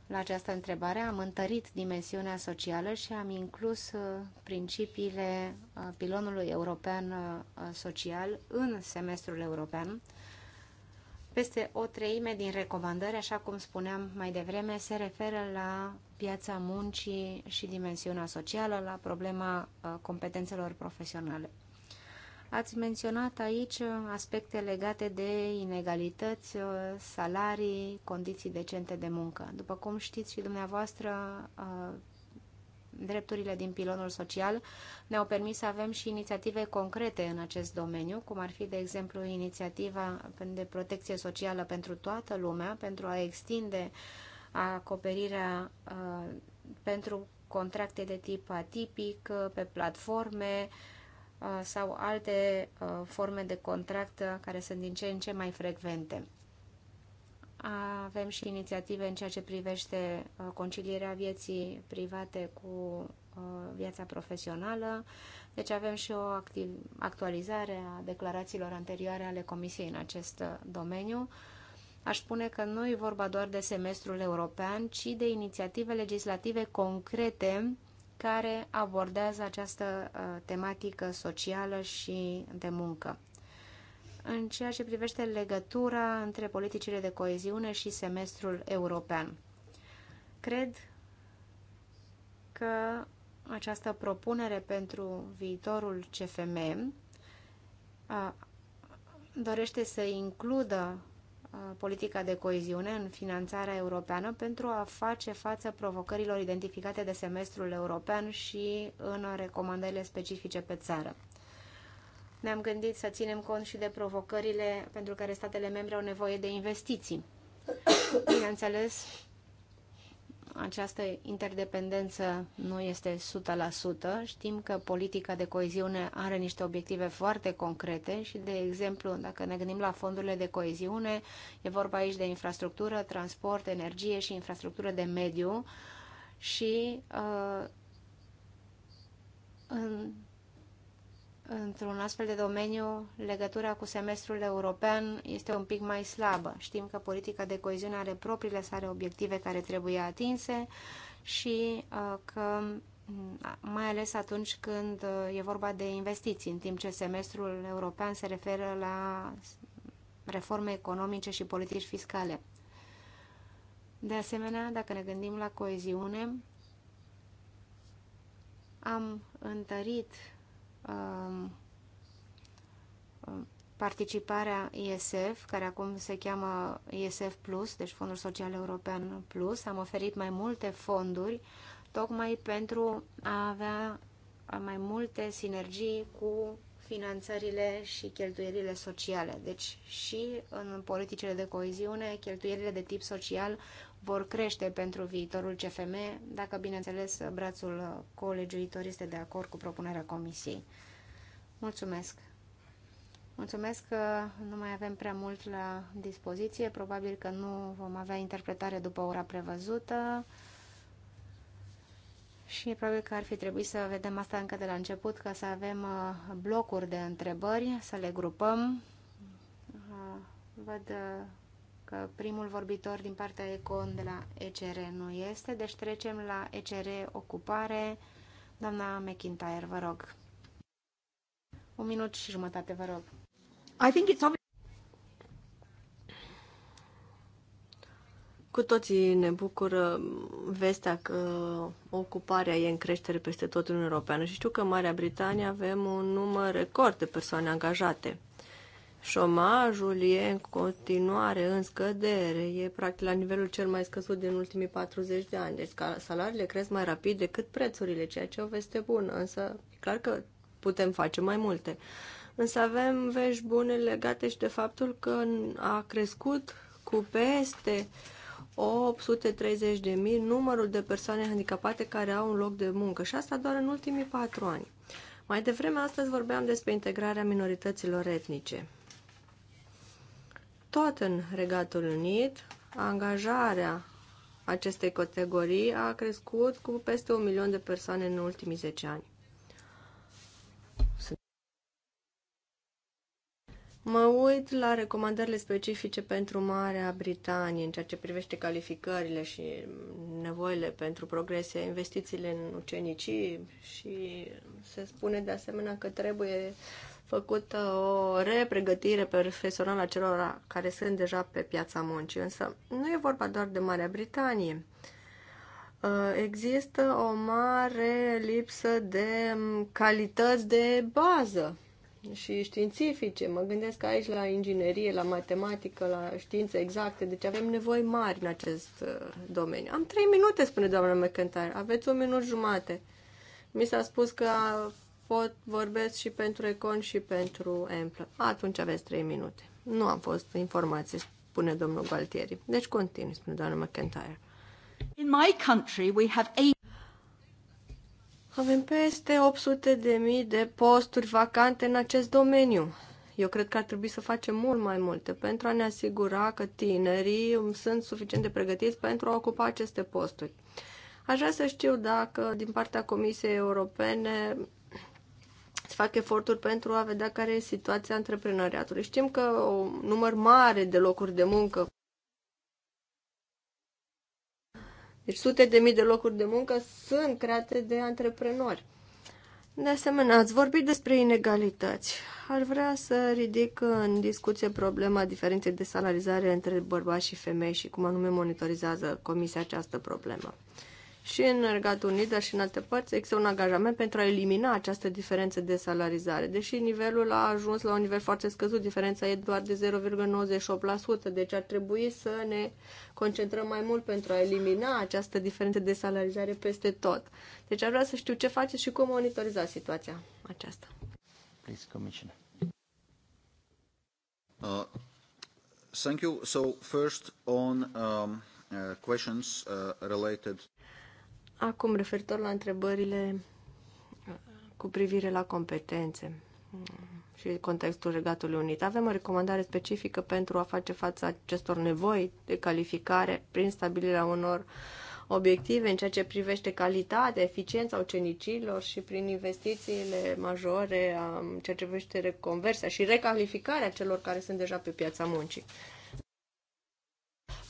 S5: la această întrebare. Am întărit dimensiunea socială și am inclus uh, principiile uh, pilonului european uh, social în semestrul european peste o treime din recomandări, așa cum spuneam mai devreme, se referă la piața muncii și dimensiunea socială, la problema uh, competențelor profesionale. Ați menționat aici uh, aspecte legate de inegalități, uh, salarii, condiții decente de muncă. După cum știți și dumneavoastră, drepturile din pilonul social ne-au permis să avem și inițiative concrete în acest domeniu, cum ar fi, de exemplu, inițiativa de protecție socială pentru toată lumea, pentru a extinde acoperirea uh, pentru contracte de tip atipic, uh, pe platforme uh, sau alte uh, forme de contract uh, care sunt din ce în ce mai frecvente. Avem și inițiative în ceea ce privește uh, concilierea vieții private cu uh, viața profesională. Deci avem și o actualizare a declarațiilor anterioare ale Comisiei în acest uh, domeniu. Aș spune că nu e vorba doar de semestrul european, ci de inițiative legislative concrete care abordează această tematică socială și de muncă în ceea ce privește legătura între politicile de coeziune și semestrul european. Cred că această propunere pentru viitorul CFM dorește să includă politica de coeziune în finanțarea europeană pentru a face față provocărilor identificate de semestrul european și în recomandările specifice pe țară. Ne-am gândit să ținem cont și de provocările pentru care statele membre au nevoie de investiții. Bineînțeles, această interdependență nu este 100%. Știm că politica de coeziune are niște obiective foarte concrete și, de exemplu, dacă ne gândim la fondurile de coeziune, e vorba aici de infrastructură, transport, energie și infrastructură de mediu și uh, în într-un astfel de domeniu, legătura cu semestrul european este un pic mai slabă. Știm că politica de coeziune are propriile sale obiective care trebuie atinse și uh, că mm, mai ales atunci când uh, e vorba de investiții, în timp ce semestrul european se referă la reforme economice și politici fiscale. De asemenea, dacă ne gândim la coeziune, am întărit Um, um, participarea ISF, care acum se cheamă ISF Plus, deci Fondul Social European Plus. Am oferit mai multe fonduri tocmai pentru a avea mai multe sinergii cu finanțările și cheltuielile sociale. Deci și în politicile de coeziune, cheltuielile de tip social vor crește pentru viitorul CFM, dacă, bineînțeles, brațul colegiuitor este de acord cu propunerea Comisiei. Mulțumesc! Mulțumesc că nu mai avem prea mult la dispoziție, probabil că nu vom avea interpretare după ora prevăzută și probabil că ar fi trebuit să vedem asta încă de la început, ca să avem uh, blocuri de întrebări, să le grupăm. Uh, văd uh, că primul vorbitor din partea ECON de la ECR nu este, deci trecem la ECR Ocupare. Doamna McIntyre, vă rog. Un minut și jumătate, vă rog.
S2: I think it's Cu toții ne bucură vestea că ocuparea e în creștere peste tot în Europeană și știu că în Marea Britanie avem un număr record de persoane angajate Șomajul e în continuare în scădere, e practic la nivelul cel mai scăzut din ultimii 40 de ani, deci salariile cresc mai rapid decât prețurile, ceea ce o veste bună, însă e clar că putem face mai multe. Însă avem vești bune legate și de faptul că a crescut cu peste de mii numărul de persoane handicapate care au un loc de muncă și asta doar în ultimii patru ani. Mai devreme astăzi vorbeam despre integrarea minorităților etnice tot în Regatul Unit, angajarea acestei categorii a crescut cu peste un milion de persoane în ultimii 10 ani. Mă uit la recomandările specifice pentru Marea Britanie în ceea ce privește calificările și nevoile pentru progresie, investițiile în ucenicii și se spune de asemenea că trebuie uh, făcută uh, o repregătire profesională a celor care sunt deja pe piața muncii, însă nu e vorba doar de Marea Britanie. Uh, există o mare lipsă de um, calități de bază și științifice. Mă gândesc aici la inginerie, la matematică, la științe exacte, deci avem nevoi mari în acest uh, domeniu. Am trei minute, spune doamna McIntyre, aveți un minut jumate. Mi s-a spus că pot, vorbesc și pentru Econ și pentru Emplă. Atunci aveți 3 minute. Nu am fost informații, spune domnul Gualtieri. Deci continui, spune doamna McIntyre.
S1: In my country we have eight...
S2: Avem peste 800 de mii de posturi vacante în acest domeniu. Eu cred că ar trebui să facem mult mai multe pentru a ne asigura că tinerii sunt suficient de pregătiți pentru a ocupa aceste posturi. Aș vrea să știu dacă, din partea Comisiei Europene, să facă eforturi pentru a vedea care e situația antreprenoriatului. Știm că o număr mare de locuri de muncă Deci sute de mii de locuri de muncă sunt create de antreprenori. De asemenea, ați vorbit despre inegalități. Ar vrea să ridic în discuție problema diferenței de salarizare între bărbați și femei și cum anume monitorizează Comisia această problemă și în Regatul Unit, dar și în alte părți, există un angajament pentru a elimina această diferență de salarizare. Deși nivelul a ajuns la un nivel foarte scăzut, diferența e doar de 0,98%, deci ar trebui să ne concentrăm mai mult pentru a elimina această diferență de salarizare peste tot. Deci ar vrea să știu ce faceți și cum monitorizați situația aceasta.
S6: Please, Commissioner. Uh, thank you. So first on um, uh, questions uh, related
S2: Acum, referitor la întrebările uh, cu privire la competențe mm, și contextul Regatului Unit. Avem o recomandare specifică pentru a face față acestor nevoi de calificare prin stabilirea unor obiective în ceea ce privește calitatea, eficiența ucenicilor și prin investițiile majore în ceea ce privește reconversia și recalificarea celor care sunt deja pe piața muncii.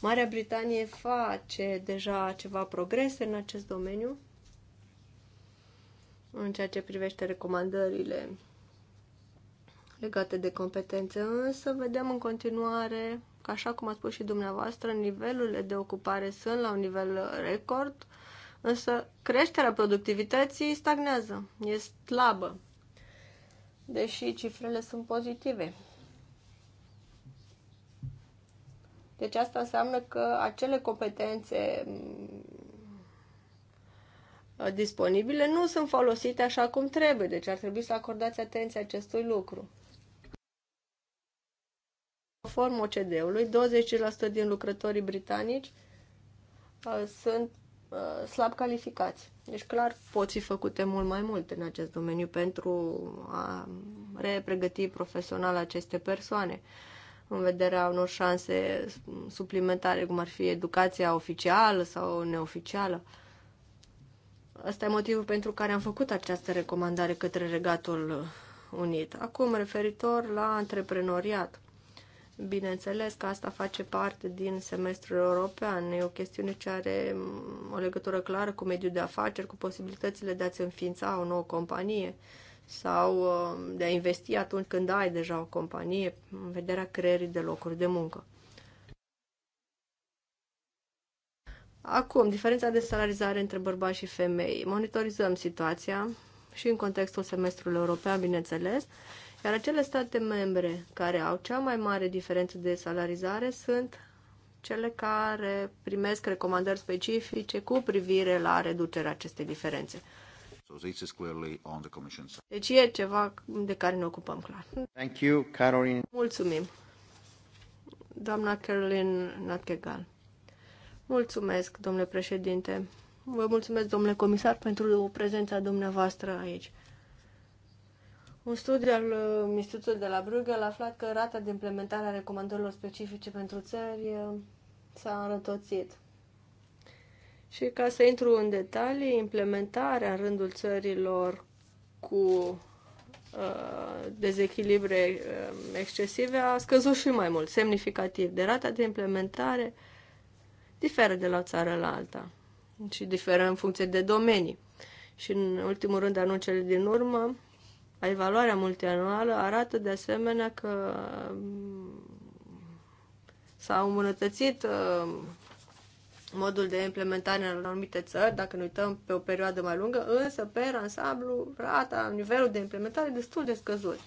S2: Marea Britanie face deja ceva progrese în acest domeniu, în ceea ce privește recomandările legate de competențe, însă vedem în continuare că, așa cum a spus și dumneavoastră, nivelurile de ocupare sunt la un nivel record, însă creșterea productivității stagnează, e slabă, deși cifrele sunt pozitive. Deci asta înseamnă că acele competențe mm, uh, disponibile nu sunt folosite așa cum trebuie, deci ar trebui să acordați atenție acestui lucru. Conform OCD-ului, 20% din lucrătorii britanici uh, sunt uh, slab calificați. Deci, clar, pot fi făcute mult mai mult în acest domeniu pentru a repregăti profesional aceste persoane în vederea unor șanse suplimentare, cum ar fi educația oficială sau neoficială. Asta e motivul pentru care am făcut această recomandare către Regatul Unit. Acum, referitor la antreprenoriat. Bineînțeles că asta face parte din semestrul european. E o chestiune ce are o legătură clară cu mediul de afaceri, cu posibilitățile de a-ți înființa o nouă companie. Uh, sau uh, de a investi atunci când ai deja o companie în vederea creierii de locuri de muncă. Acum, diferența de salarizare între bărbați și femei. Monitorizăm situația și în contextul semestrului european, bineînțeles, iar acele state membre care au cea mai mare diferență de salarizare sunt cele care primesc recomandări specifice cu privire la reducerea acestei diferențe.
S6: So this is clearly on the Commission side.
S2: Deci e ceva de care ne ocupăm clar.
S6: Thank you, Caroline.
S2: Mulțumim. Doamna Caroline Natkegal. Mulțumesc, domnule președinte. Vă mulțumesc, domnule comisar, pentru prezența dumneavoastră aici. Un studiu al uh, Institutului de la Bruegel a aflat că rata de implementare a recomandărilor specifice pentru țări uh, s-a înrătoțit. Și ca să intru în detalii, implementarea în rândul țărilor cu uh, dezechilibre uh, excesive a scăzut și mai mult, semnificativ. De rata de implementare diferă de la o țară la alta și diferă în funcție de domenii. Și în ultimul rând, anunțele din urmă, evaluarea multianuală arată de asemenea că s-au îmbunătățit uh, modul de implementare în anumite țări, dacă ne uităm pe o perioadă mai lungă, însă pe ansamblu rata, nivelul de implementare destul de scăzut.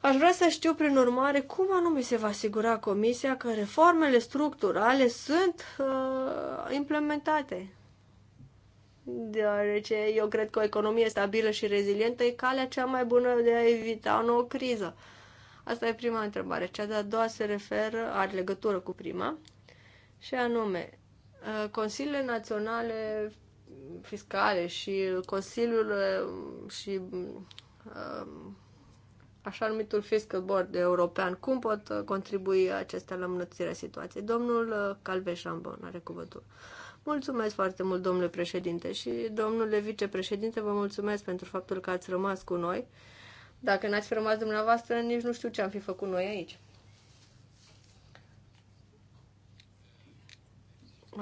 S2: Aș vrea să știu, prin urmare, cum anume se va asigura Comisia că reformele structurale sunt uh, implementate. Deoarece eu cred că o economie stabilă și rezilientă e calea cea mai bună de a evita o nouă criză. Asta e prima întrebare. Cea de-a doua se referă, are legătură cu prima, și anume uh, Consiliile Naționale Fiscale și Consiliul uh, și uh, așa numitul Fiscal Board European, cum pot contribui acestea la îmbunătățirea situației? Domnul Calve Șambon are cuvântul. Mulțumesc foarte mult, domnule președinte și domnule vicepreședinte, vă mulțumesc pentru faptul că ați rămas cu noi. Dacă n-ați fi rămas dumneavoastră, nici nu știu ce am fi făcut noi aici.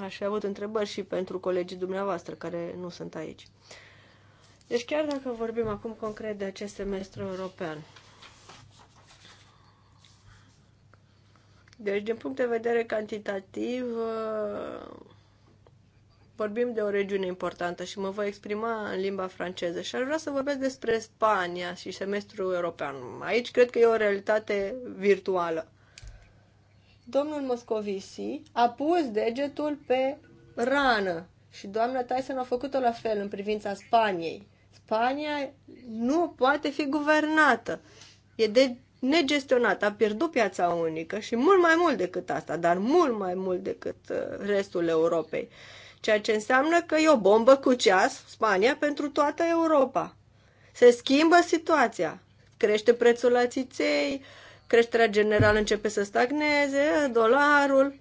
S2: Aș fi avut întrebări și pentru colegii dumneavoastră care nu sunt aici. Deci chiar dacă vorbim acum concret de acest semestru european, deci din punct de vedere cantitativ, uh, vorbim de o regiune importantă și mă voi exprima în limba franceză și aș vrea să vorbesc despre Spania și semestrul european. Aici cred că e o realitate virtuală domnul Moscovici a pus degetul pe rană și doamna Tyson a făcut-o la fel în privința Spaniei. Spania nu poate fi guvernată. E de negestionat, a pierdut piața unică și mult mai mult decât asta, dar mult mai mult decât uh, restul Europei. Ceea ce înseamnă că e o bombă cu ceas Spania pentru toată Europa. Se schimbă situația. Crește prețul la țiței, uh, creșterea generală începe să stagneze, dolarul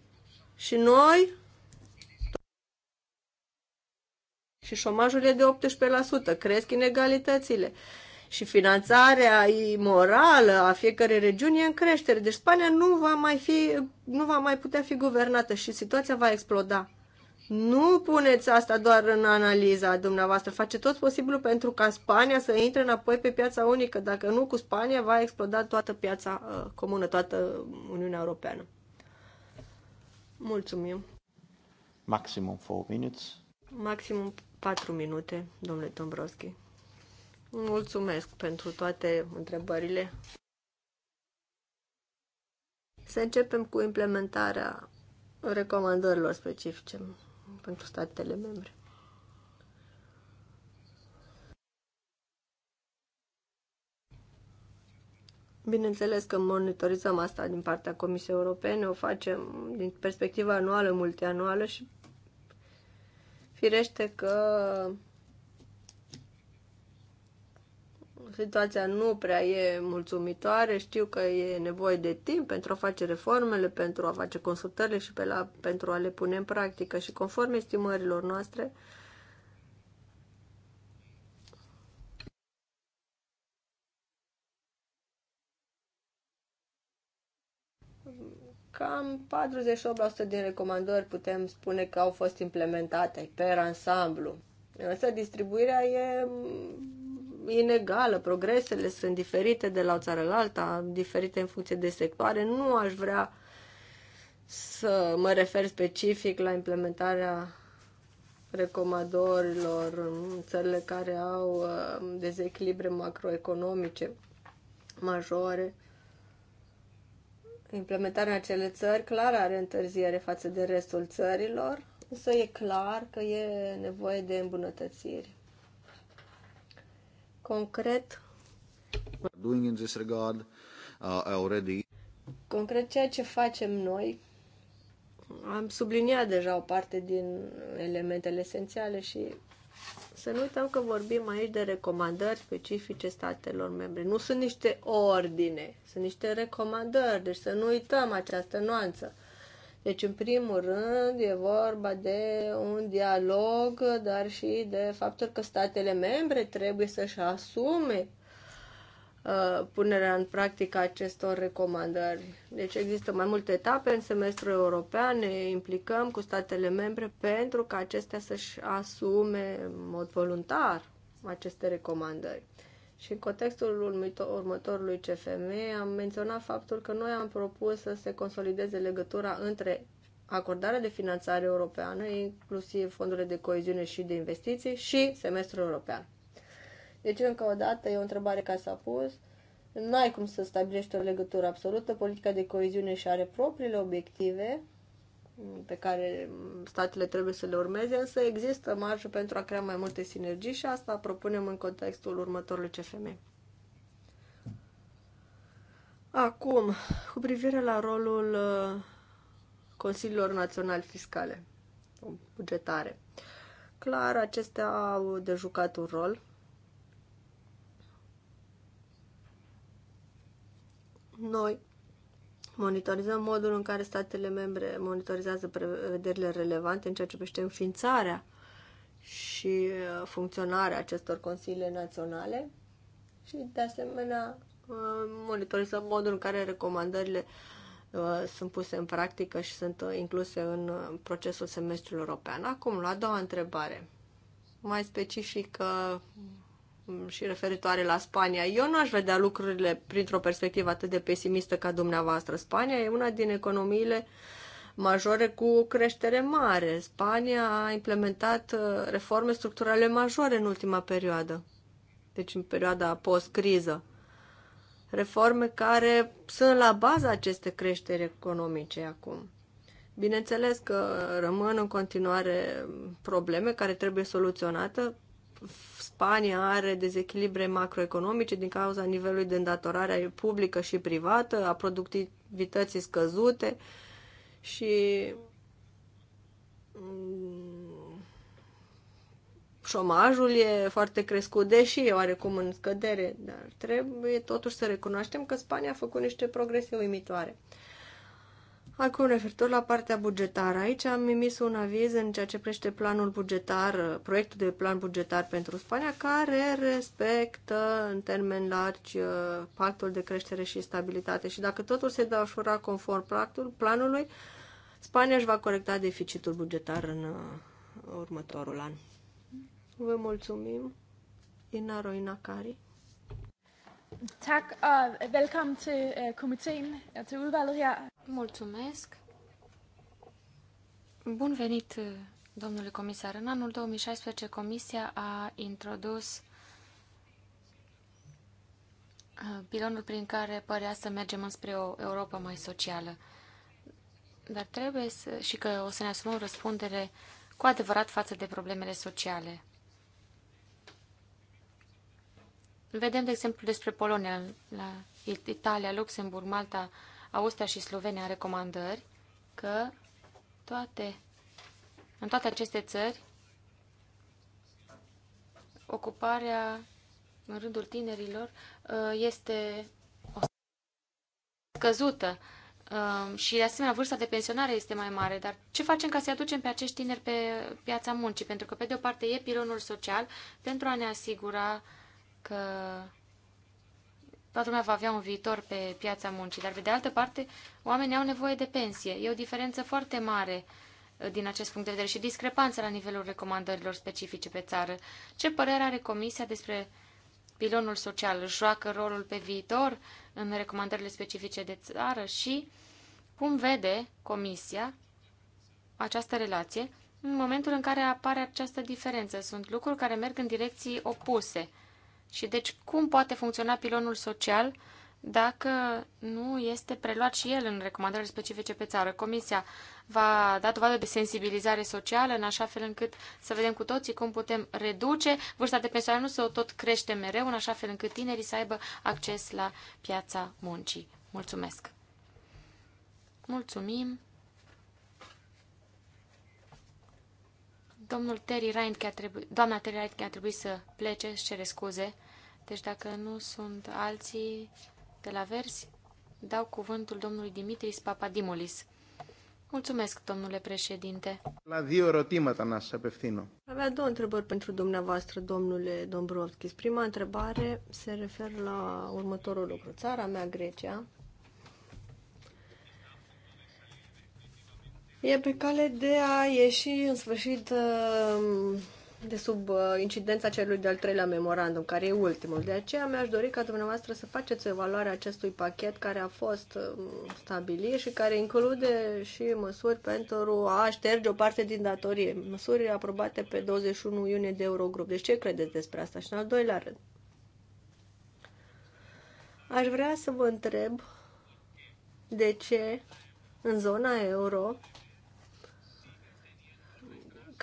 S2: și noi și șomajul e de 18%, cresc inegalitățile și finanțarea imorală a fiecărei regiuni e în creștere. Deci Spania nu va mai, fi, nu va mai putea fi guvernată și situația va exploda. Nu puneți asta doar în analiza dumneavoastră. Face tot posibilul pentru ca Spania să intre înapoi pe piața unică. Dacă nu, cu Spania va exploda toată piața uh, comună, toată Uniunea Europeană. Mulțumim.
S4: Maximum 4 minutes.
S2: Maximum 4 minute, domnule Dombrovski. Mulțumesc pentru toate întrebările. Să începem cu implementarea recomandărilor specifice pentru statele membre. Bineînțeles că monitorizăm asta din partea Comisiei Europene, o facem din perspectiva anuală, multianuală și firește că situația nu prea e mulțumitoare, știu că e nevoie de timp pentru a face reformele, pentru a face consultările și pe la, pentru a le pune în practică și conform estimărilor noastre, cam 48% din recomandări putem spune că au fost implementate per ansamblu. Însă distribuirea e inegală, progresele sunt diferite de la o țară la alta, diferite în funcție de sectoare. Nu aș vrea să mă refer specific la implementarea recomandorilor în țările care au uh, dezechilibre macroeconomice majore. Implementarea acelei țări clar are întârziere față de restul țărilor, însă e clar că e nevoie de îmbunătățiri concret
S6: doing in this regard uh, already.
S2: Concret ceea ce facem noi am subliniat deja o parte din elementele esențiale și să nu uităm că vorbim aici de recomandări specifice statelor membre. Nu sunt niște ordine, sunt niște recomandări, deci să nu uităm această nuanță. Deci, în primul rând, e vorba de un dialog, dar și de faptul că statele membre trebuie să-și asume uh, punerea în practică acestor recomandări. Deci există mai multe etape în semestrul european, ne implicăm cu statele membre pentru ca acestea să-și asume în mod voluntar aceste recomandări. Și în contextul următorului CFM am menționat faptul că noi am propus să se consolideze legătura între acordarea de finanțare europeană, inclusiv fondurile de coeziune și de investiții, și semestrul european. Deci, încă o dată, e o întrebare care s-a pus. Nu ai cum să stabilești o legătură absolută. Politica de coeziune și are propriile obiective, pe care statele trebuie să le urmeze, însă există marjă pentru a crea mai multe sinergii și asta propunem în contextul următorului CFM. Acum, cu privire la rolul uh, Consiliilor naționali Fiscale, bugetare, clar acestea au de jucat un rol. Noi monitorizăm modul în care statele membre monitorizează prevederile relevante în ceea ce privește înființarea și uh, funcționarea acestor consiliile naționale și, de asemenea, uh, monitorizăm modul în care recomandările uh, sunt puse în practică și sunt incluse în procesul semestrului european. Acum, la a doua întrebare, mai specifică și referitoare la Spania. Eu nu aș vedea lucrurile printr-o perspectivă atât de pesimistă ca dumneavoastră. Spania e una din economiile majore cu creștere mare. Spania a implementat uh, reforme structurale majore în ultima perioadă, deci în perioada post-criză. Reforme care sunt la baza acestei creșteri economice acum. Bineînțeles că rămân în continuare probleme care trebuie soluționate. Spania are dezechilibre macroeconomice din cauza nivelului de îndatorare publică și privată, a productivității scăzute și mm, șomajul e foarte crescut, deși e oarecum în scădere, dar trebuie totuși să recunoaștem că Spania a făcut niște progrese uimitoare. Acum, referitor la partea bugetară, aici am emis un aviz în ceea ce prește planul bugetar, proiectul de plan bugetar pentru Spania, care respectă în termen largi uh, pactul de creștere și stabilitate. Și dacă totul se dă ușura conform planului, Spania își va corecta deficitul bugetar în uh, următorul an. Vă mulțumim. Inaro Inacari. Tak,
S3: og velkommen til uh, komiteen og øh, til udvalget her. Mulțumesc. Bun venit, øh, domnule comisar. În anul 2016, Comisia a introdus uh, pilonul prin care părea să mergem înspre o Europa mai socială. Dar trebuie să, și că o să ne asumăm răspundere cu adevărat față de problemele sociale. Vedem, de exemplu, despre Polonia, la Italia, Luxemburg, Malta, Austria și Slovenia recomandări că toate, în toate aceste țări ocuparea în rândul tinerilor uh, este scăzută um, și de asemenea vârsta de pensionare este mai mare, dar ce facem ca să aducem pe acești tineri pe piața muncii? Pentru că pe de o parte e pilonul social pentru a ne asigura uh, că toată lumea va avea un viitor pe piața muncii, dar pe de altă parte oamenii au nevoie de pensie. E o diferență foarte mare uh, din acest punct de vedere și discrepanță la nivelul recomandărilor specifice pe țară. Ce părere are Comisia despre pilonul social? Joacă rolul pe viitor în recomandările specifice de țară și cum vede Comisia această relație în momentul în care apare această diferență? Sunt lucruri care merg în direcții opuse. Și deci cum poate funcționa pilonul social dacă nu este preluat și el în recomandările specifice pe țară? Comisia va da dovadă de sensibilizare socială în așa fel încât să vedem cu toții cum putem reduce vârsta de pensionare, nu să o tot crește mereu, în așa fel încât tinerii să aibă acces la piața muncii. Mulțumesc! Mulțumim! Domnul Terry că a trebuit, doamna Terry că a trebuit să plece, își cere scuze. Deci dacă nu sunt alții de la versi, dau cuvântul domnului Dimitris Papadimolis.
S2: Mulțumesc, domnule președinte.
S4: La două rotimata na să peftino.
S2: Avea două întrebări pentru dumneavoastră, domnule Dombrovskis. Prima întrebare se referă la următorul lucru. Țara mea, Grecia, e pe cale de a ieși în sfârșit uh, de sub uh, incidența celui de-al treilea memorandum, care e ultimul. De aceea mi-aș dori ca dumneavoastră să faceți o evaluare acestui pachet care a fost uh, stabilit și care include și măsuri pentru a șterge o parte din datorie, măsuri aprobate pe 21 iunie de Eurogrup. Deci ce credeți despre asta? Și în al doilea rând, aș vrea să vă întreb de ce în zona euro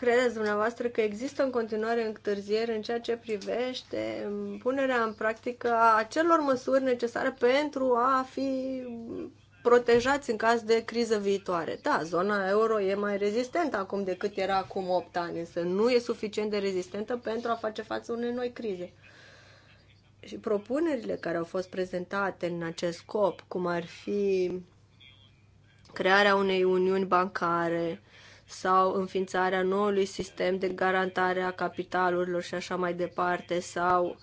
S2: credeți dumneavoastră că există în continuare întârzieri în ceea ce privește punerea în practică a acelor măsuri necesare pentru a fi protejați în caz de criză viitoare. Da, zona euro e mai rezistentă acum decât era acum 8 ani, însă nu e suficient de rezistentă pentru a face față unei noi crize. Și propunerile care au fost prezentate în acest scop, cum ar fi crearea unei uniuni bancare, sau înființarea noului sistem de garantare a capitalurilor și așa mai departe, sau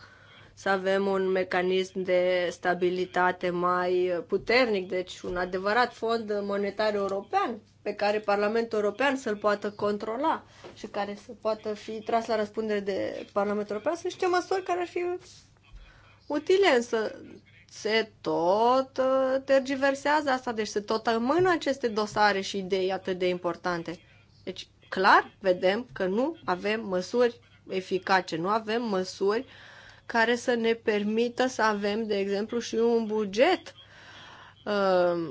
S2: să avem un mecanism de stabilitate mai puternic, deci un adevărat fond monetar european pe care Parlamentul European să-l poată controla și care să poată fi tras la răspundere de Parlamentul European, sunt niște măsuri care ar fi utile, însă se tot uh, tergiversează asta, deci se tot amână aceste dosare și idei atât de importante. Deci, clar vedem că nu avem măsuri eficace, nu avem măsuri care să ne permită să avem, de exemplu, și un buget um,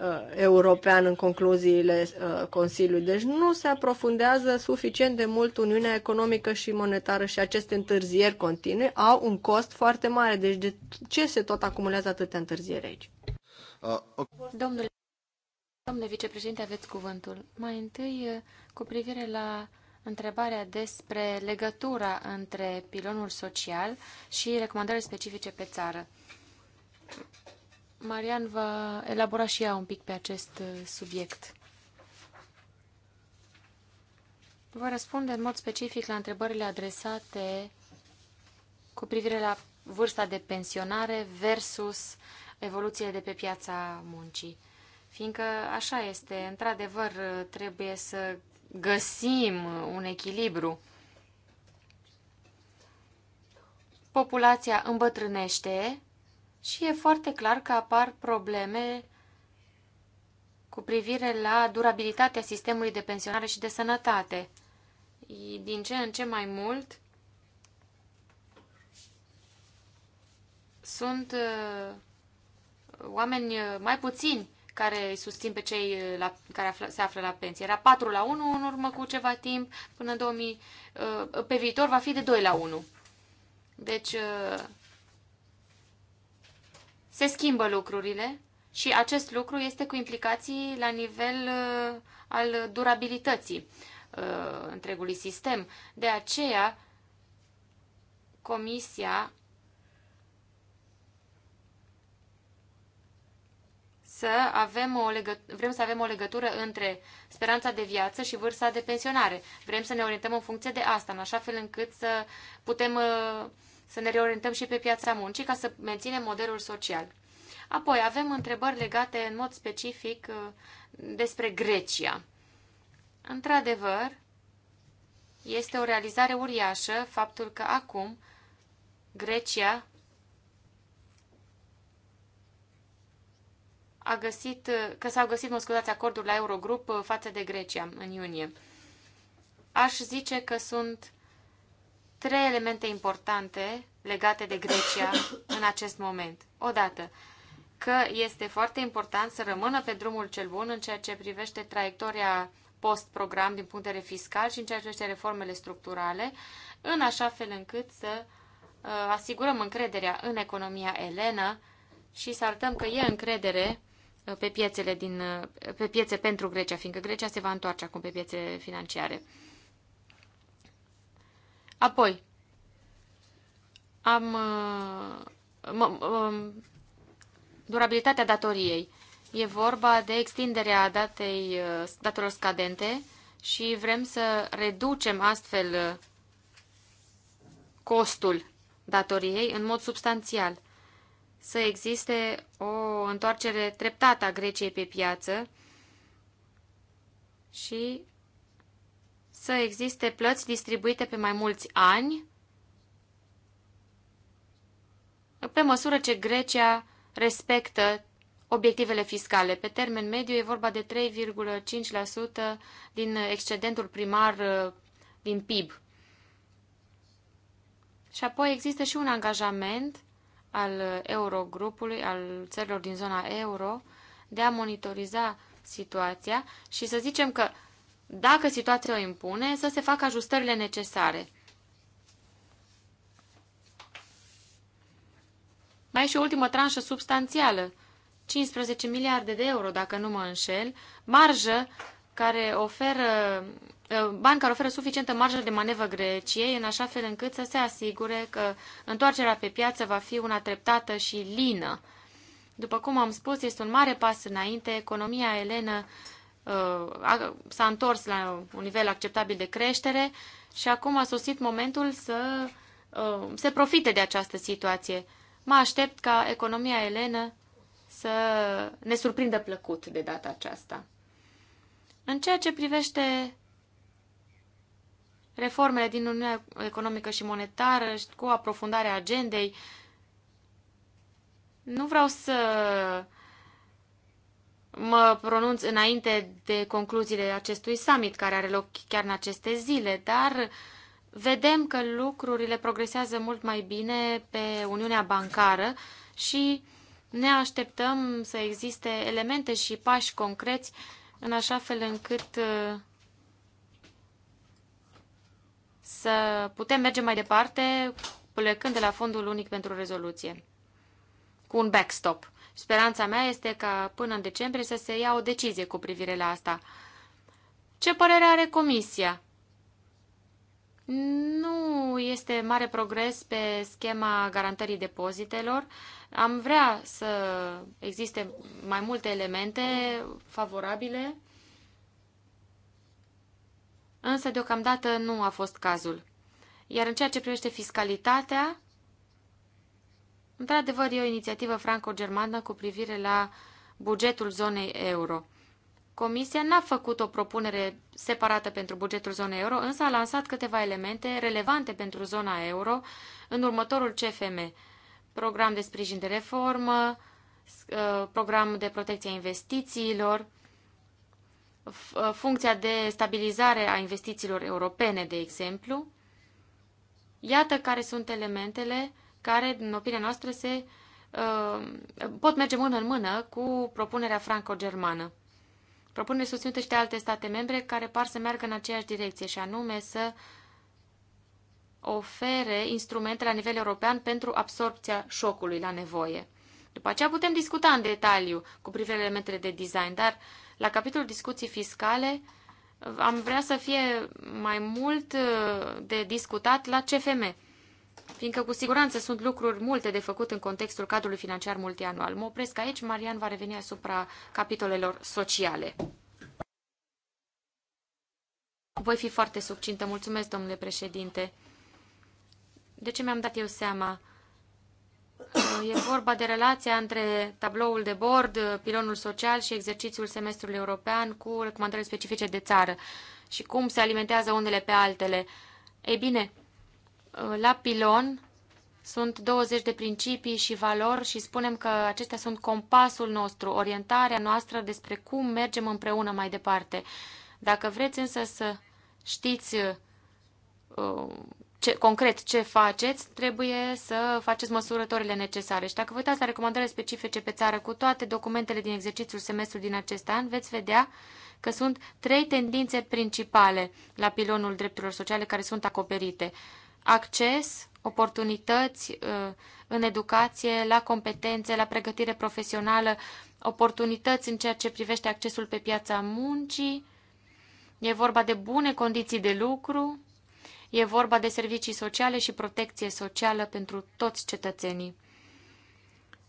S2: uh, european în concluziile uh, Consiliului. Deci nu se aprofundează suficient de mult Uniunea Economică și Monetară și aceste întârzieri continue au un cost foarte mare. Deci de ce se tot acumulează atâtea întârzieri aici?
S6: Uh, okay.
S2: Domnule
S3: Domnule vicepreședinte, aveți cuvântul. Mai întâi, cu privire la întrebarea despre legătura între pilonul social și recomandările specifice pe țară. Marian va elabora și ea un pic pe acest uh, subiect. Vă răspunde în mod specific la întrebările adresate cu privire la vârsta de pensionare versus evoluțiile de pe piața muncii. Fiindcă așa este, într-adevăr, trebuie să găsim un echilibru. Populația îmbătrânește și e foarte clar că apar probleme cu privire la durabilitatea sistemului de pensionare și de sănătate. Din ce în ce mai mult sunt uh, oameni mai puțini care îi susțin pe cei uh, la, care se află la pensie. Era 4 la 1 în urmă cu ceva timp, până în 2000, uh, pe viitor va fi de 2 la 1. Deci uh, se schimbă lucrurile și acest lucru este cu implicații la nivel al durabilității întregului sistem. De aceea, Comisia să avem o legătură, vrem să avem o legătură între speranța de viață și vârsta de pensionare. Vrem să ne orientăm în funcție de asta, în așa fel încât să putem uh, să ne reorientăm și pe piața muncii ca să menținem modelul social. Apoi avem întrebări legate în mod specific uh, despre Grecia. Într-adevăr, este o realizare uriașă faptul că acum Grecia a găsit, că s-au găsit, mă scuzați, acordul la Eurogrup uh, față de Grecia în iunie. Aș zice că sunt trei elemente importante legate de Grecia în acest moment. Odată, că este foarte important să rămână pe drumul cel bun în ceea ce privește traiectoria post-program din punct de vedere fiscal și în ceea ce privește reformele structurale, în așa fel încât să uh, asigurăm încrederea în economia elenă și să arătăm că e încredere pe piețele, din, pe piețe pentru Grecia, fiindcă Grecia se va întoarce acum pe piețele financiare. Apoi, am uh, durabilitatea datoriei. E vorba de extinderea datei, uh, datelor scadente și vrem să reducem astfel uh, costul datoriei în mod substanțial să existe o întoarcere treptată a Greciei pe piață și să existe plăți distribuite pe mai mulți ani, pe măsură ce Grecia respectă obiectivele fiscale. Pe termen mediu e vorba de 3,5% din excedentul primar uh, din PIB. Și apoi există și un angajament al Eurogrupului, al țărilor din zona euro, de a monitoriza situația și să zicem că dacă situația o impune, să se facă ajustările necesare. Mai e și o ultimă tranșă substanțială, 15 miliarde de euro, dacă nu mă înșel, marjă care oferă uh, bani care oferă suficientă marjă de manevră Greciei, în așa fel încât să se asigure că întoarcerea pe piață va fi una treptată și lină. După cum am spus, este un mare pas înainte. Economia elenă uh, s-a întors la un nivel acceptabil de creștere și acum a sosit momentul să uh, se profite de această situație. Mă aștept ca economia elenă să ne surprindă plăcut de data aceasta. În ceea ce privește reformele din Uniunea Economică și Monetară cu aprofundarea agendei, nu vreau să mă pronunț înainte de concluziile acestui summit care are loc chiar în aceste zile, dar vedem că lucrurile progresează mult mai bine pe Uniunea Bancară și ne așteptăm să existe elemente și pași concreți în așa fel încât uh, să putem merge mai departe plecând de la Fondul Unic pentru Rezoluție, cu un backstop. Speranța mea este ca până în decembrie să se ia o decizie cu privire la asta. Ce părere are Comisia? Nu este mare progres pe schema garantării depozitelor. Am vrea să existe mai multe elemente favorabile, însă deocamdată nu a fost cazul. Iar în ceea ce privește fiscalitatea, într-adevăr e o inițiativă franco-germană cu privire la bugetul zonei euro. Comisia n-a făcut o propunere separată pentru bugetul zonei euro, însă a lansat câteva elemente relevante pentru zona euro în următorul CFM program de sprijin de reformă, uh, program de protecție a investițiilor, uh, funcția de stabilizare a investițiilor europene, de exemplu. Iată care sunt elementele care, în opinia noastră, se uh, pot merge mână în mână cu propunerea franco-germană. Propunere susținută și de alte state membre care par să meargă în aceeași direcție și anume să uh, ofere instrumente la nivel european pentru absorpția șocului la nevoie. După aceea putem discuta în detaliu cu privire la elementele de design, dar la capitolul discuții fiscale am vrea să fie mai mult uh, de discutat la CFM, fiindcă cu siguranță sunt lucruri multe de făcut în contextul cadrului financiar multianual. Mă opresc aici, Marian va reveni asupra capitolelor sociale. Voi fi foarte succintă, mulțumesc, domnule președinte. De ce mi-am dat eu seama? E vorba de relația între tabloul de bord, pilonul social și exercițiul semestrului european cu recomandările specifice de țară și cum se alimentează unele pe altele. Ei bine, la pilon sunt 20 de principii și valori și spunem că acestea sunt compasul nostru, orientarea noastră despre cum mergem împreună mai departe. Dacă vreți însă să știți uh, ce, concret ce faceți, trebuie să faceți măsurătorile necesare. Și dacă vă uitați la recomandările specifice pe țară cu toate documentele din exercițiul semestru din acest an, veți vedea că sunt trei tendințe principale la pilonul drepturilor sociale care sunt acoperite. Acces, oportunități uh, în educație, la competențe, la pregătire profesională, oportunități în ceea ce privește accesul pe piața muncii, e vorba de bune condiții de lucru, E vorba de servicii sociale și protecție socială pentru toți cetățenii.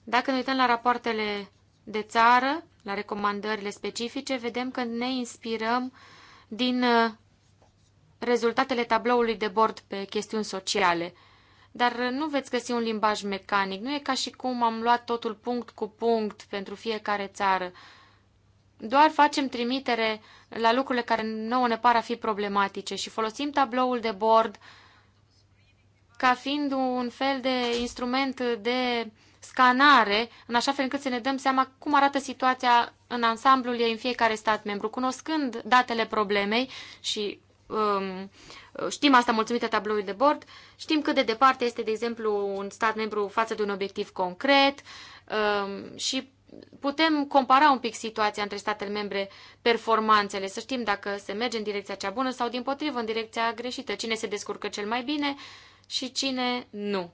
S3: Dacă ne uităm la rapoartele de țară, la recomandările specifice, vedem că ne inspirăm din uh, rezultatele tabloului de bord pe chestiuni sociale. Dar uh, nu veți găsi un limbaj mecanic. Nu e ca și cum am luat totul punct cu punct pentru fiecare țară. Doar facem trimitere la lucrurile care nouă ne par a fi problematice și folosim tabloul de bord ca fiind un fel de instrument de scanare, în așa fel încât să ne dăm seama cum arată situația în ansamblul ei în fiecare stat membru, cunoscând datele problemei și um, știm asta mulțumită tabloului de bord, știm cât de departe este, de exemplu, un stat membru față de un obiectiv concret um, și putem compara un pic situația între statele membre, performanțele, să știm dacă se merge în direcția cea bună sau, din potrivă, în direcția greșită, cine se descurcă cel mai bine și cine nu.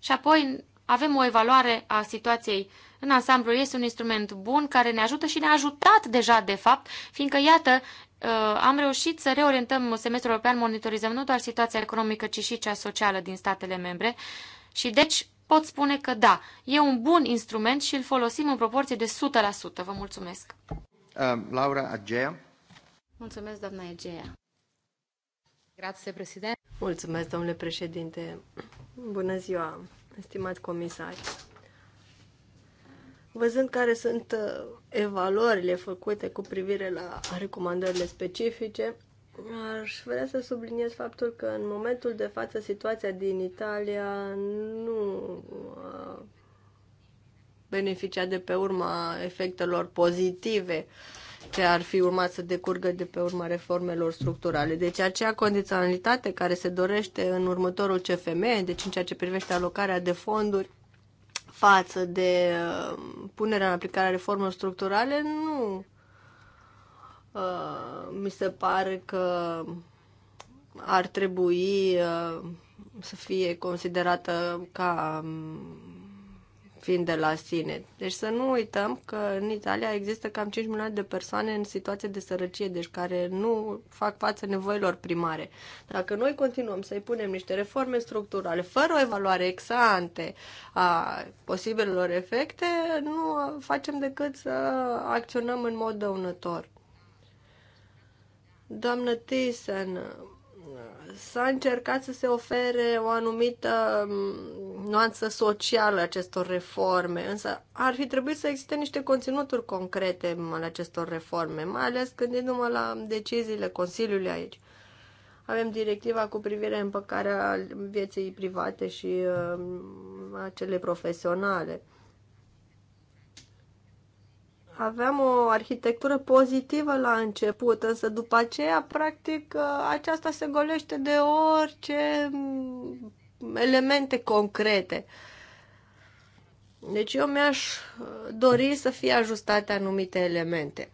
S3: Și apoi avem o evaluare a situației în ansamblu. Este un instrument bun care ne ajută și ne-a ajutat deja, de fapt, fiindcă, iată, uh, am reușit să reorientăm semestrul european, monitorizăm nu doar situația economică, ci și cea socială din statele membre. Și deci pot spune că da, e un bun instrument și îl folosim în proporție de 100%. Vă mulțumesc!
S4: Um, Laura Agea.
S2: Mulțumesc, doamna Egea. Grazie, președinte. Mulțumesc, domnule președinte. Bună ziua, estimați comisari. Văzând care sunt uh, evaluările făcute cu privire la recomandările specifice, Aș vrea să subliniez faptul că în momentul de față situația din Italia nu a beneficiat de pe urma efectelor pozitive ce ar fi urmat să decurgă de pe urma reformelor structurale. Deci acea condiționalitate care se dorește în următorul CFM, deci în ceea ce privește alocarea de fonduri față de uh, punerea în aplicare a reformelor structurale, nu Uh, mi se pare că ar trebui uh, să fie considerată ca um, fiind de la sine. Deci să nu uităm că în Italia există cam 5 milioane de persoane în situație de sărăcie, deci care nu fac față nevoilor primare. Dacă noi continuăm să-i punem niște reforme structurale fără o evaluare exante a posibilelor efecte, nu facem decât să acționăm în mod dăunător. Doamnă Thyssen, s-a încercat să se ofere o anumită mm, nuanță socială acestor reforme, însă ar fi trebuit să existe niște conținuturi concrete ale acestor reforme, mai ales gândindu-mă la deciziile Consiliului aici. Avem directiva cu privire împăcarea vieții private și uh, acele cele profesionale. Aveam o arhitectură pozitivă la început, însă după aceea, practic, aceasta se golește de orice elemente concrete. Deci eu mi-aș uh, dori să fie ajustate anumite elemente.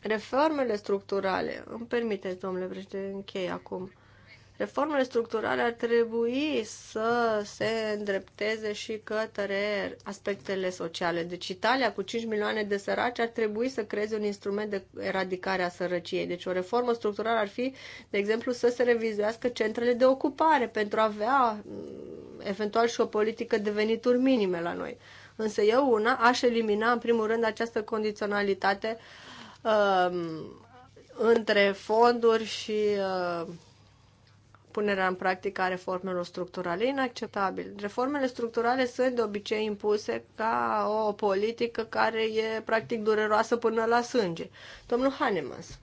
S2: Reformele structurale, îmi permiteți, domnule președinte, închei acum. Reformele structurale ar trebui să se îndrepteze și către aspectele sociale. Deci Italia cu 5 milioane de săraci ar trebui să creeze un instrument de eradicare a sărăciei. Deci o reformă structurală ar fi, de exemplu, să se revizuiască centrele de ocupare pentru a avea mm, eventual și o politică de venituri minime la noi. Însă eu una aș elimina în primul rând această condiționalitate uh, între fonduri și uh, punerea în practică a reformelor structurale. E inacceptabil. Reformele structurale sunt de obicei impuse ca o politică care e practic dureroasă până la sânge. Domnul Hanemans.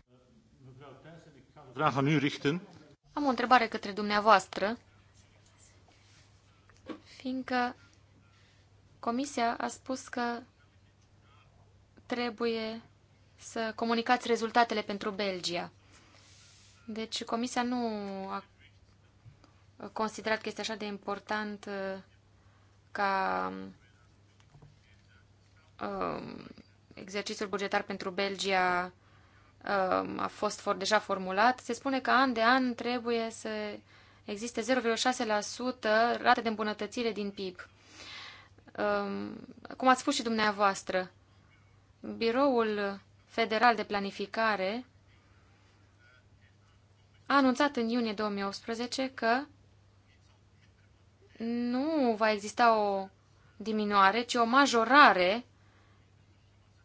S2: Am o întrebare
S3: către dumneavoastră, fiindcă Comisia a spus că trebuie să comunicați rezultatele pentru Belgia. Deci Comisia nu a considerat că este așa de important uh, ca um, exercițiul bugetar pentru Belgia um, a fost for, deja formulat, se spune că an de an trebuie să existe 0,6% rate de îmbunătățire din PIB. Um, cum ați spus și dumneavoastră, Biroul Federal de Planificare a anunțat în iunie 2018 că nu va exista o diminuare, ci o majorare,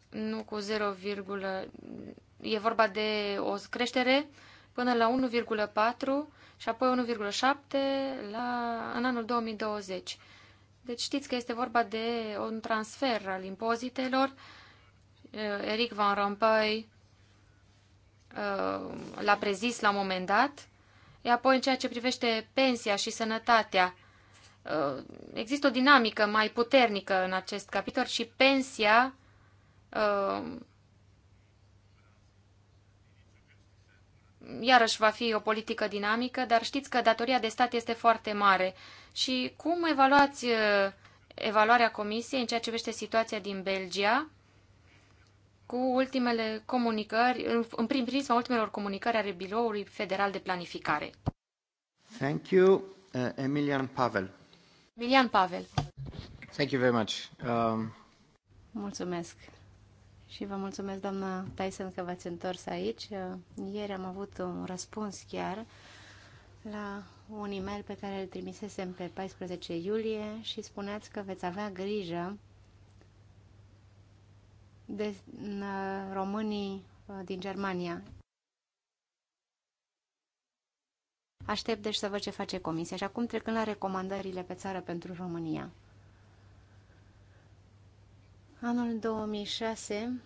S3: nu cu 0, e vorba de o creștere până la 1,4 și apoi 1,7 la, în anul 2020. Deci știți că este vorba de un transfer al impozitelor. Eh, Eric Van Rompuy eh, l-a prezis la un moment dat. Apoi, în ceea ce privește pensia și sănătatea, Uh, există o dinamică mai puternică în acest capitol și pensia uh, iarăși va fi o politică dinamică, dar știți că datoria de stat este foarte mare. Și cum evaluați uh, evaluarea comisiei în ceea ce vește situația din Belgia cu ultimele comunicări, în prim prisma ultimelor comunicări ale Biroului Federal de Planificare?
S4: Thank you, Emilian Pavel.
S5: Milian Pavel.
S4: Thank you
S1: very much. Um...
S5: Mulțumesc. Și vă mulțumesc, doamna Tyson, că v-ați întors aici. Ieri am avut un răspuns chiar la un e-mail pe care îl trimisesem pe 14 iulie și spuneați că veți avea grijă de uh, românii uh, din Germania. Aștept deci să văd ce face Comisia. Și acum trecând la recomandările pe țară pentru România. Anul 2006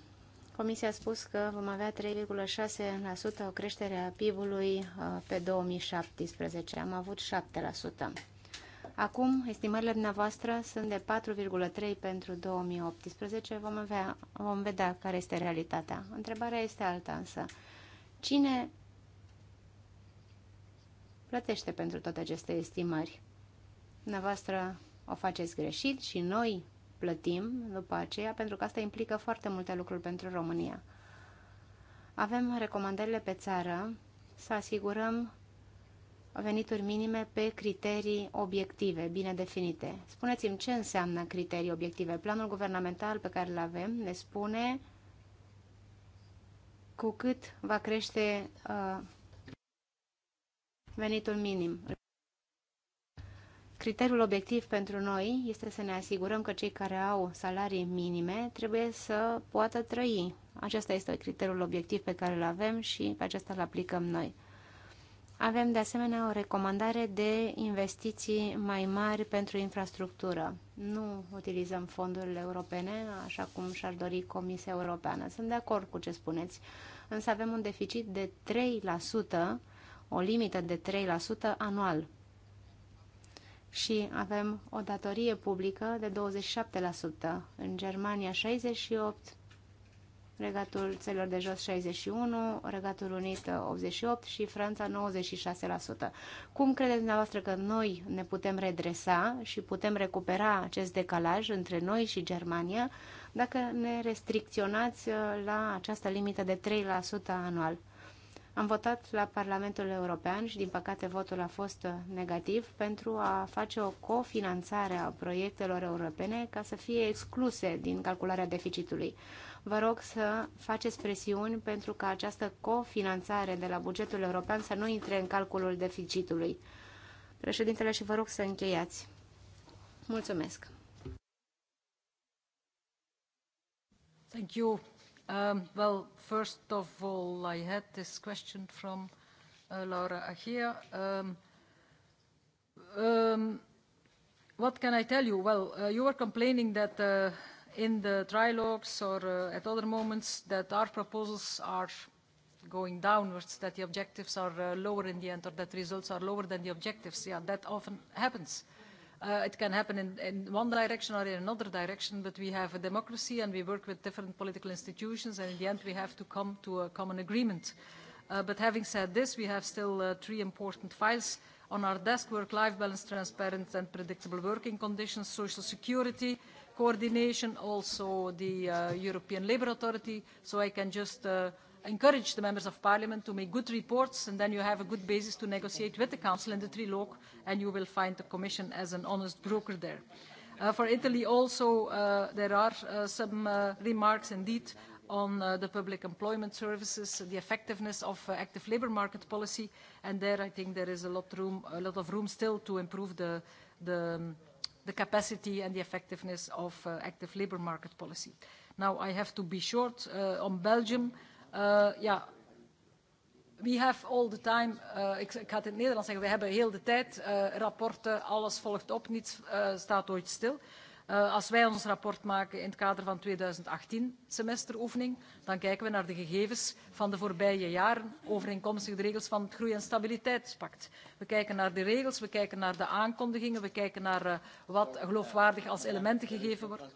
S5: Comisia a spus că vom avea 3,6% o creștere a PIB-ului uh, pe 2017. Am avut 7%. Acum, estimările dumneavoastră sunt de 4,3 pentru 2018. Vom, avea, vom vedea care este realitatea. Întrebarea este alta însă. Cine plătește pentru toate aceste estimări. Dumneavoastră o faceți greșit și noi plătim după aceea, pentru că asta implică foarte multe lucruri pentru România. Avem recomandările pe țară să asigurăm venituri minime pe criterii obiective, bine definite. Spuneți-mi ce înseamnă criterii obiective. Planul guvernamental pe care îl avem ne spune cu cât va crește uh, venitul minim. Criteriul obiectiv pentru noi este să ne asigurăm că cei care au salarii minime trebuie să poată trăi. Acesta este criteriul obiectiv pe care îl avem și pe acesta îl aplicăm noi. Avem de asemenea o recomandare de investiții mai mari pentru infrastructură. Nu utilizăm fondurile europene așa cum și-ar dori Comisia Europeană. Sunt de acord cu ce spuneți, însă avem un deficit de 3% o limită de 3% anual. Și avem o datorie publică de 27%, în Germania 68%, Regatul Țelor de Jos 61, Regatul Unit 88 și Franța 96%. Cum credeți dumneavoastră că noi ne putem redresa și putem recupera acest decalaj între noi și Germania dacă ne restricționați uh, la această limită de 3% anual? Am votat la Parlamentul European și, din păcate, votul a fost uh, negativ pentru a face o cofinanțare a proiectelor europene ca să fie excluse din calcularea deficitului. Vă rog să faceți presiuni pentru ca această cofinanțare de la bugetul european să nu intre în calculul deficitului. Președintele, și vă rog să încheiați. Mulțumesc!
S1: Thank you. Um, well, first of all, I had this question from uh, Laura Achia. Um, um, what can I tell you? Well, uh, you were complaining that uh, in the trilogues or uh, at other moments that our proposals are going downwards, that the objectives are uh, lower in the end or that results are lower than the objectives. Yeah, that often happens. Uh, Uh, it can happen in, one direction or in another direction, but we have a democracy and we work with different political institutions, and in the end, we have to come to a common agreement. Uh, but having said this, we have still uh, three important files on our desk, work-life balance, transparent and predictable working conditions, social security, coordination, also the European Labour Authority. So I can just encourage the members of parliament to make good reports and then you have a good basis to negotiate with the council in the trilogue and you will find the commission as an honest broker there. Uh, for Italy also uh, there are uh, some remarks indeed on the public employment services, the effectiveness of active labour market policy and there I think there is a lot, room, a lot of room still to improve the, the, um, the capacity and the effectiveness of active labour market policy. Now I have to be short on Belgium. Uh, Eh, ja, we have all the time, eh, ik, ga het in het Nederlands zeggen, we hebben heel de tijd eh, rapporten, alles volgt op, niets staat ooit stil. als wij ons rapport maken in het kader van 2018 semesteroefening, dan kijken we naar de gegevens van de voorbije jaren overeenkomstig de regels van het Groei- en Stabiliteitspact. We kijken naar de regels, we kijken naar de aankondigingen, we kijken naar wat geloofwaardig als elementen gegeven wordt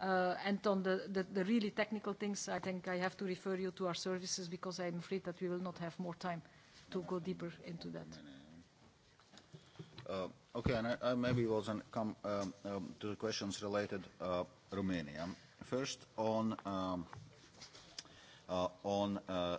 S1: Uh, and on the, really technical things, I think I have to refer you to our services because I'm afraid that we will not have more time to go deeper into that.
S6: Uh, okay, and I, I maybe will then come um, um, to the questions related uh, Romania. First, on um, uh, on uh,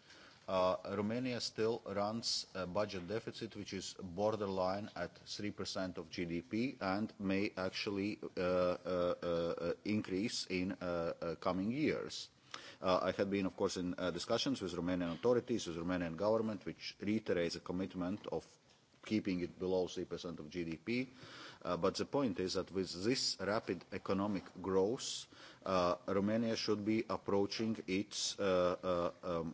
S6: Uh, Romania still runs a budget deficit which is borderline at 3% of GDP and may actually uh, uh, uh increase in uh, uh, coming years. I have been, of course, in discussions with Romanian authorities, with Romanian government, which reiterates a commitment of keeping it below 3% of GDP. but the point is that with this rapid economic growth, Romania should be approaching its um,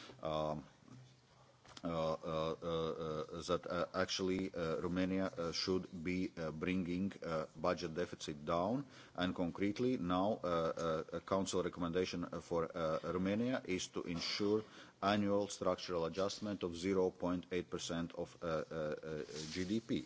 S6: um, Uh, uh, uh, uh that uh, actually uh, Romania should be bringing budget deficit down. And concretely, now a council recommendation for Romania is to ensure annual structural adjustment of 0.8% of GDP.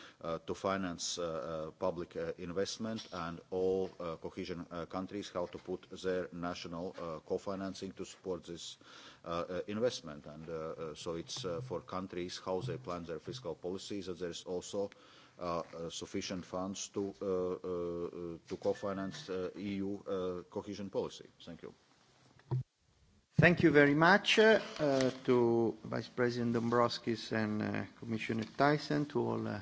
S6: Uh, to finance uh, uh, public investment and all cohesion countries how to put their national co-financing to support this investment. And so it's for countries how they plan their fiscal policies there there's also Uh, uh, sufficient funds to, uh, to co-finance EU cohesion policy. Thank you.
S4: Thank you very much to Vice President Dombrovskis and Commissioner Tyson, to all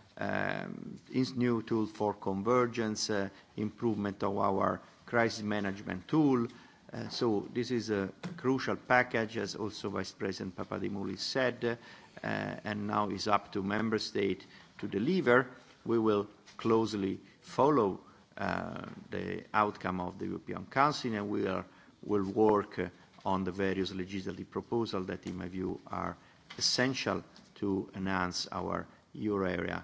S4: Um, new tool for convergence, uh, improvement of our crisis management tool. Uh, so this is a crucial package, as also Vice President Papadimoulis said, uh, and now is up to member state to deliver. We will closely follow Uh, the outcome of the European Council, and we are, will work uh, on the various legislative proposals that, in my view, are essential to enhance our euro area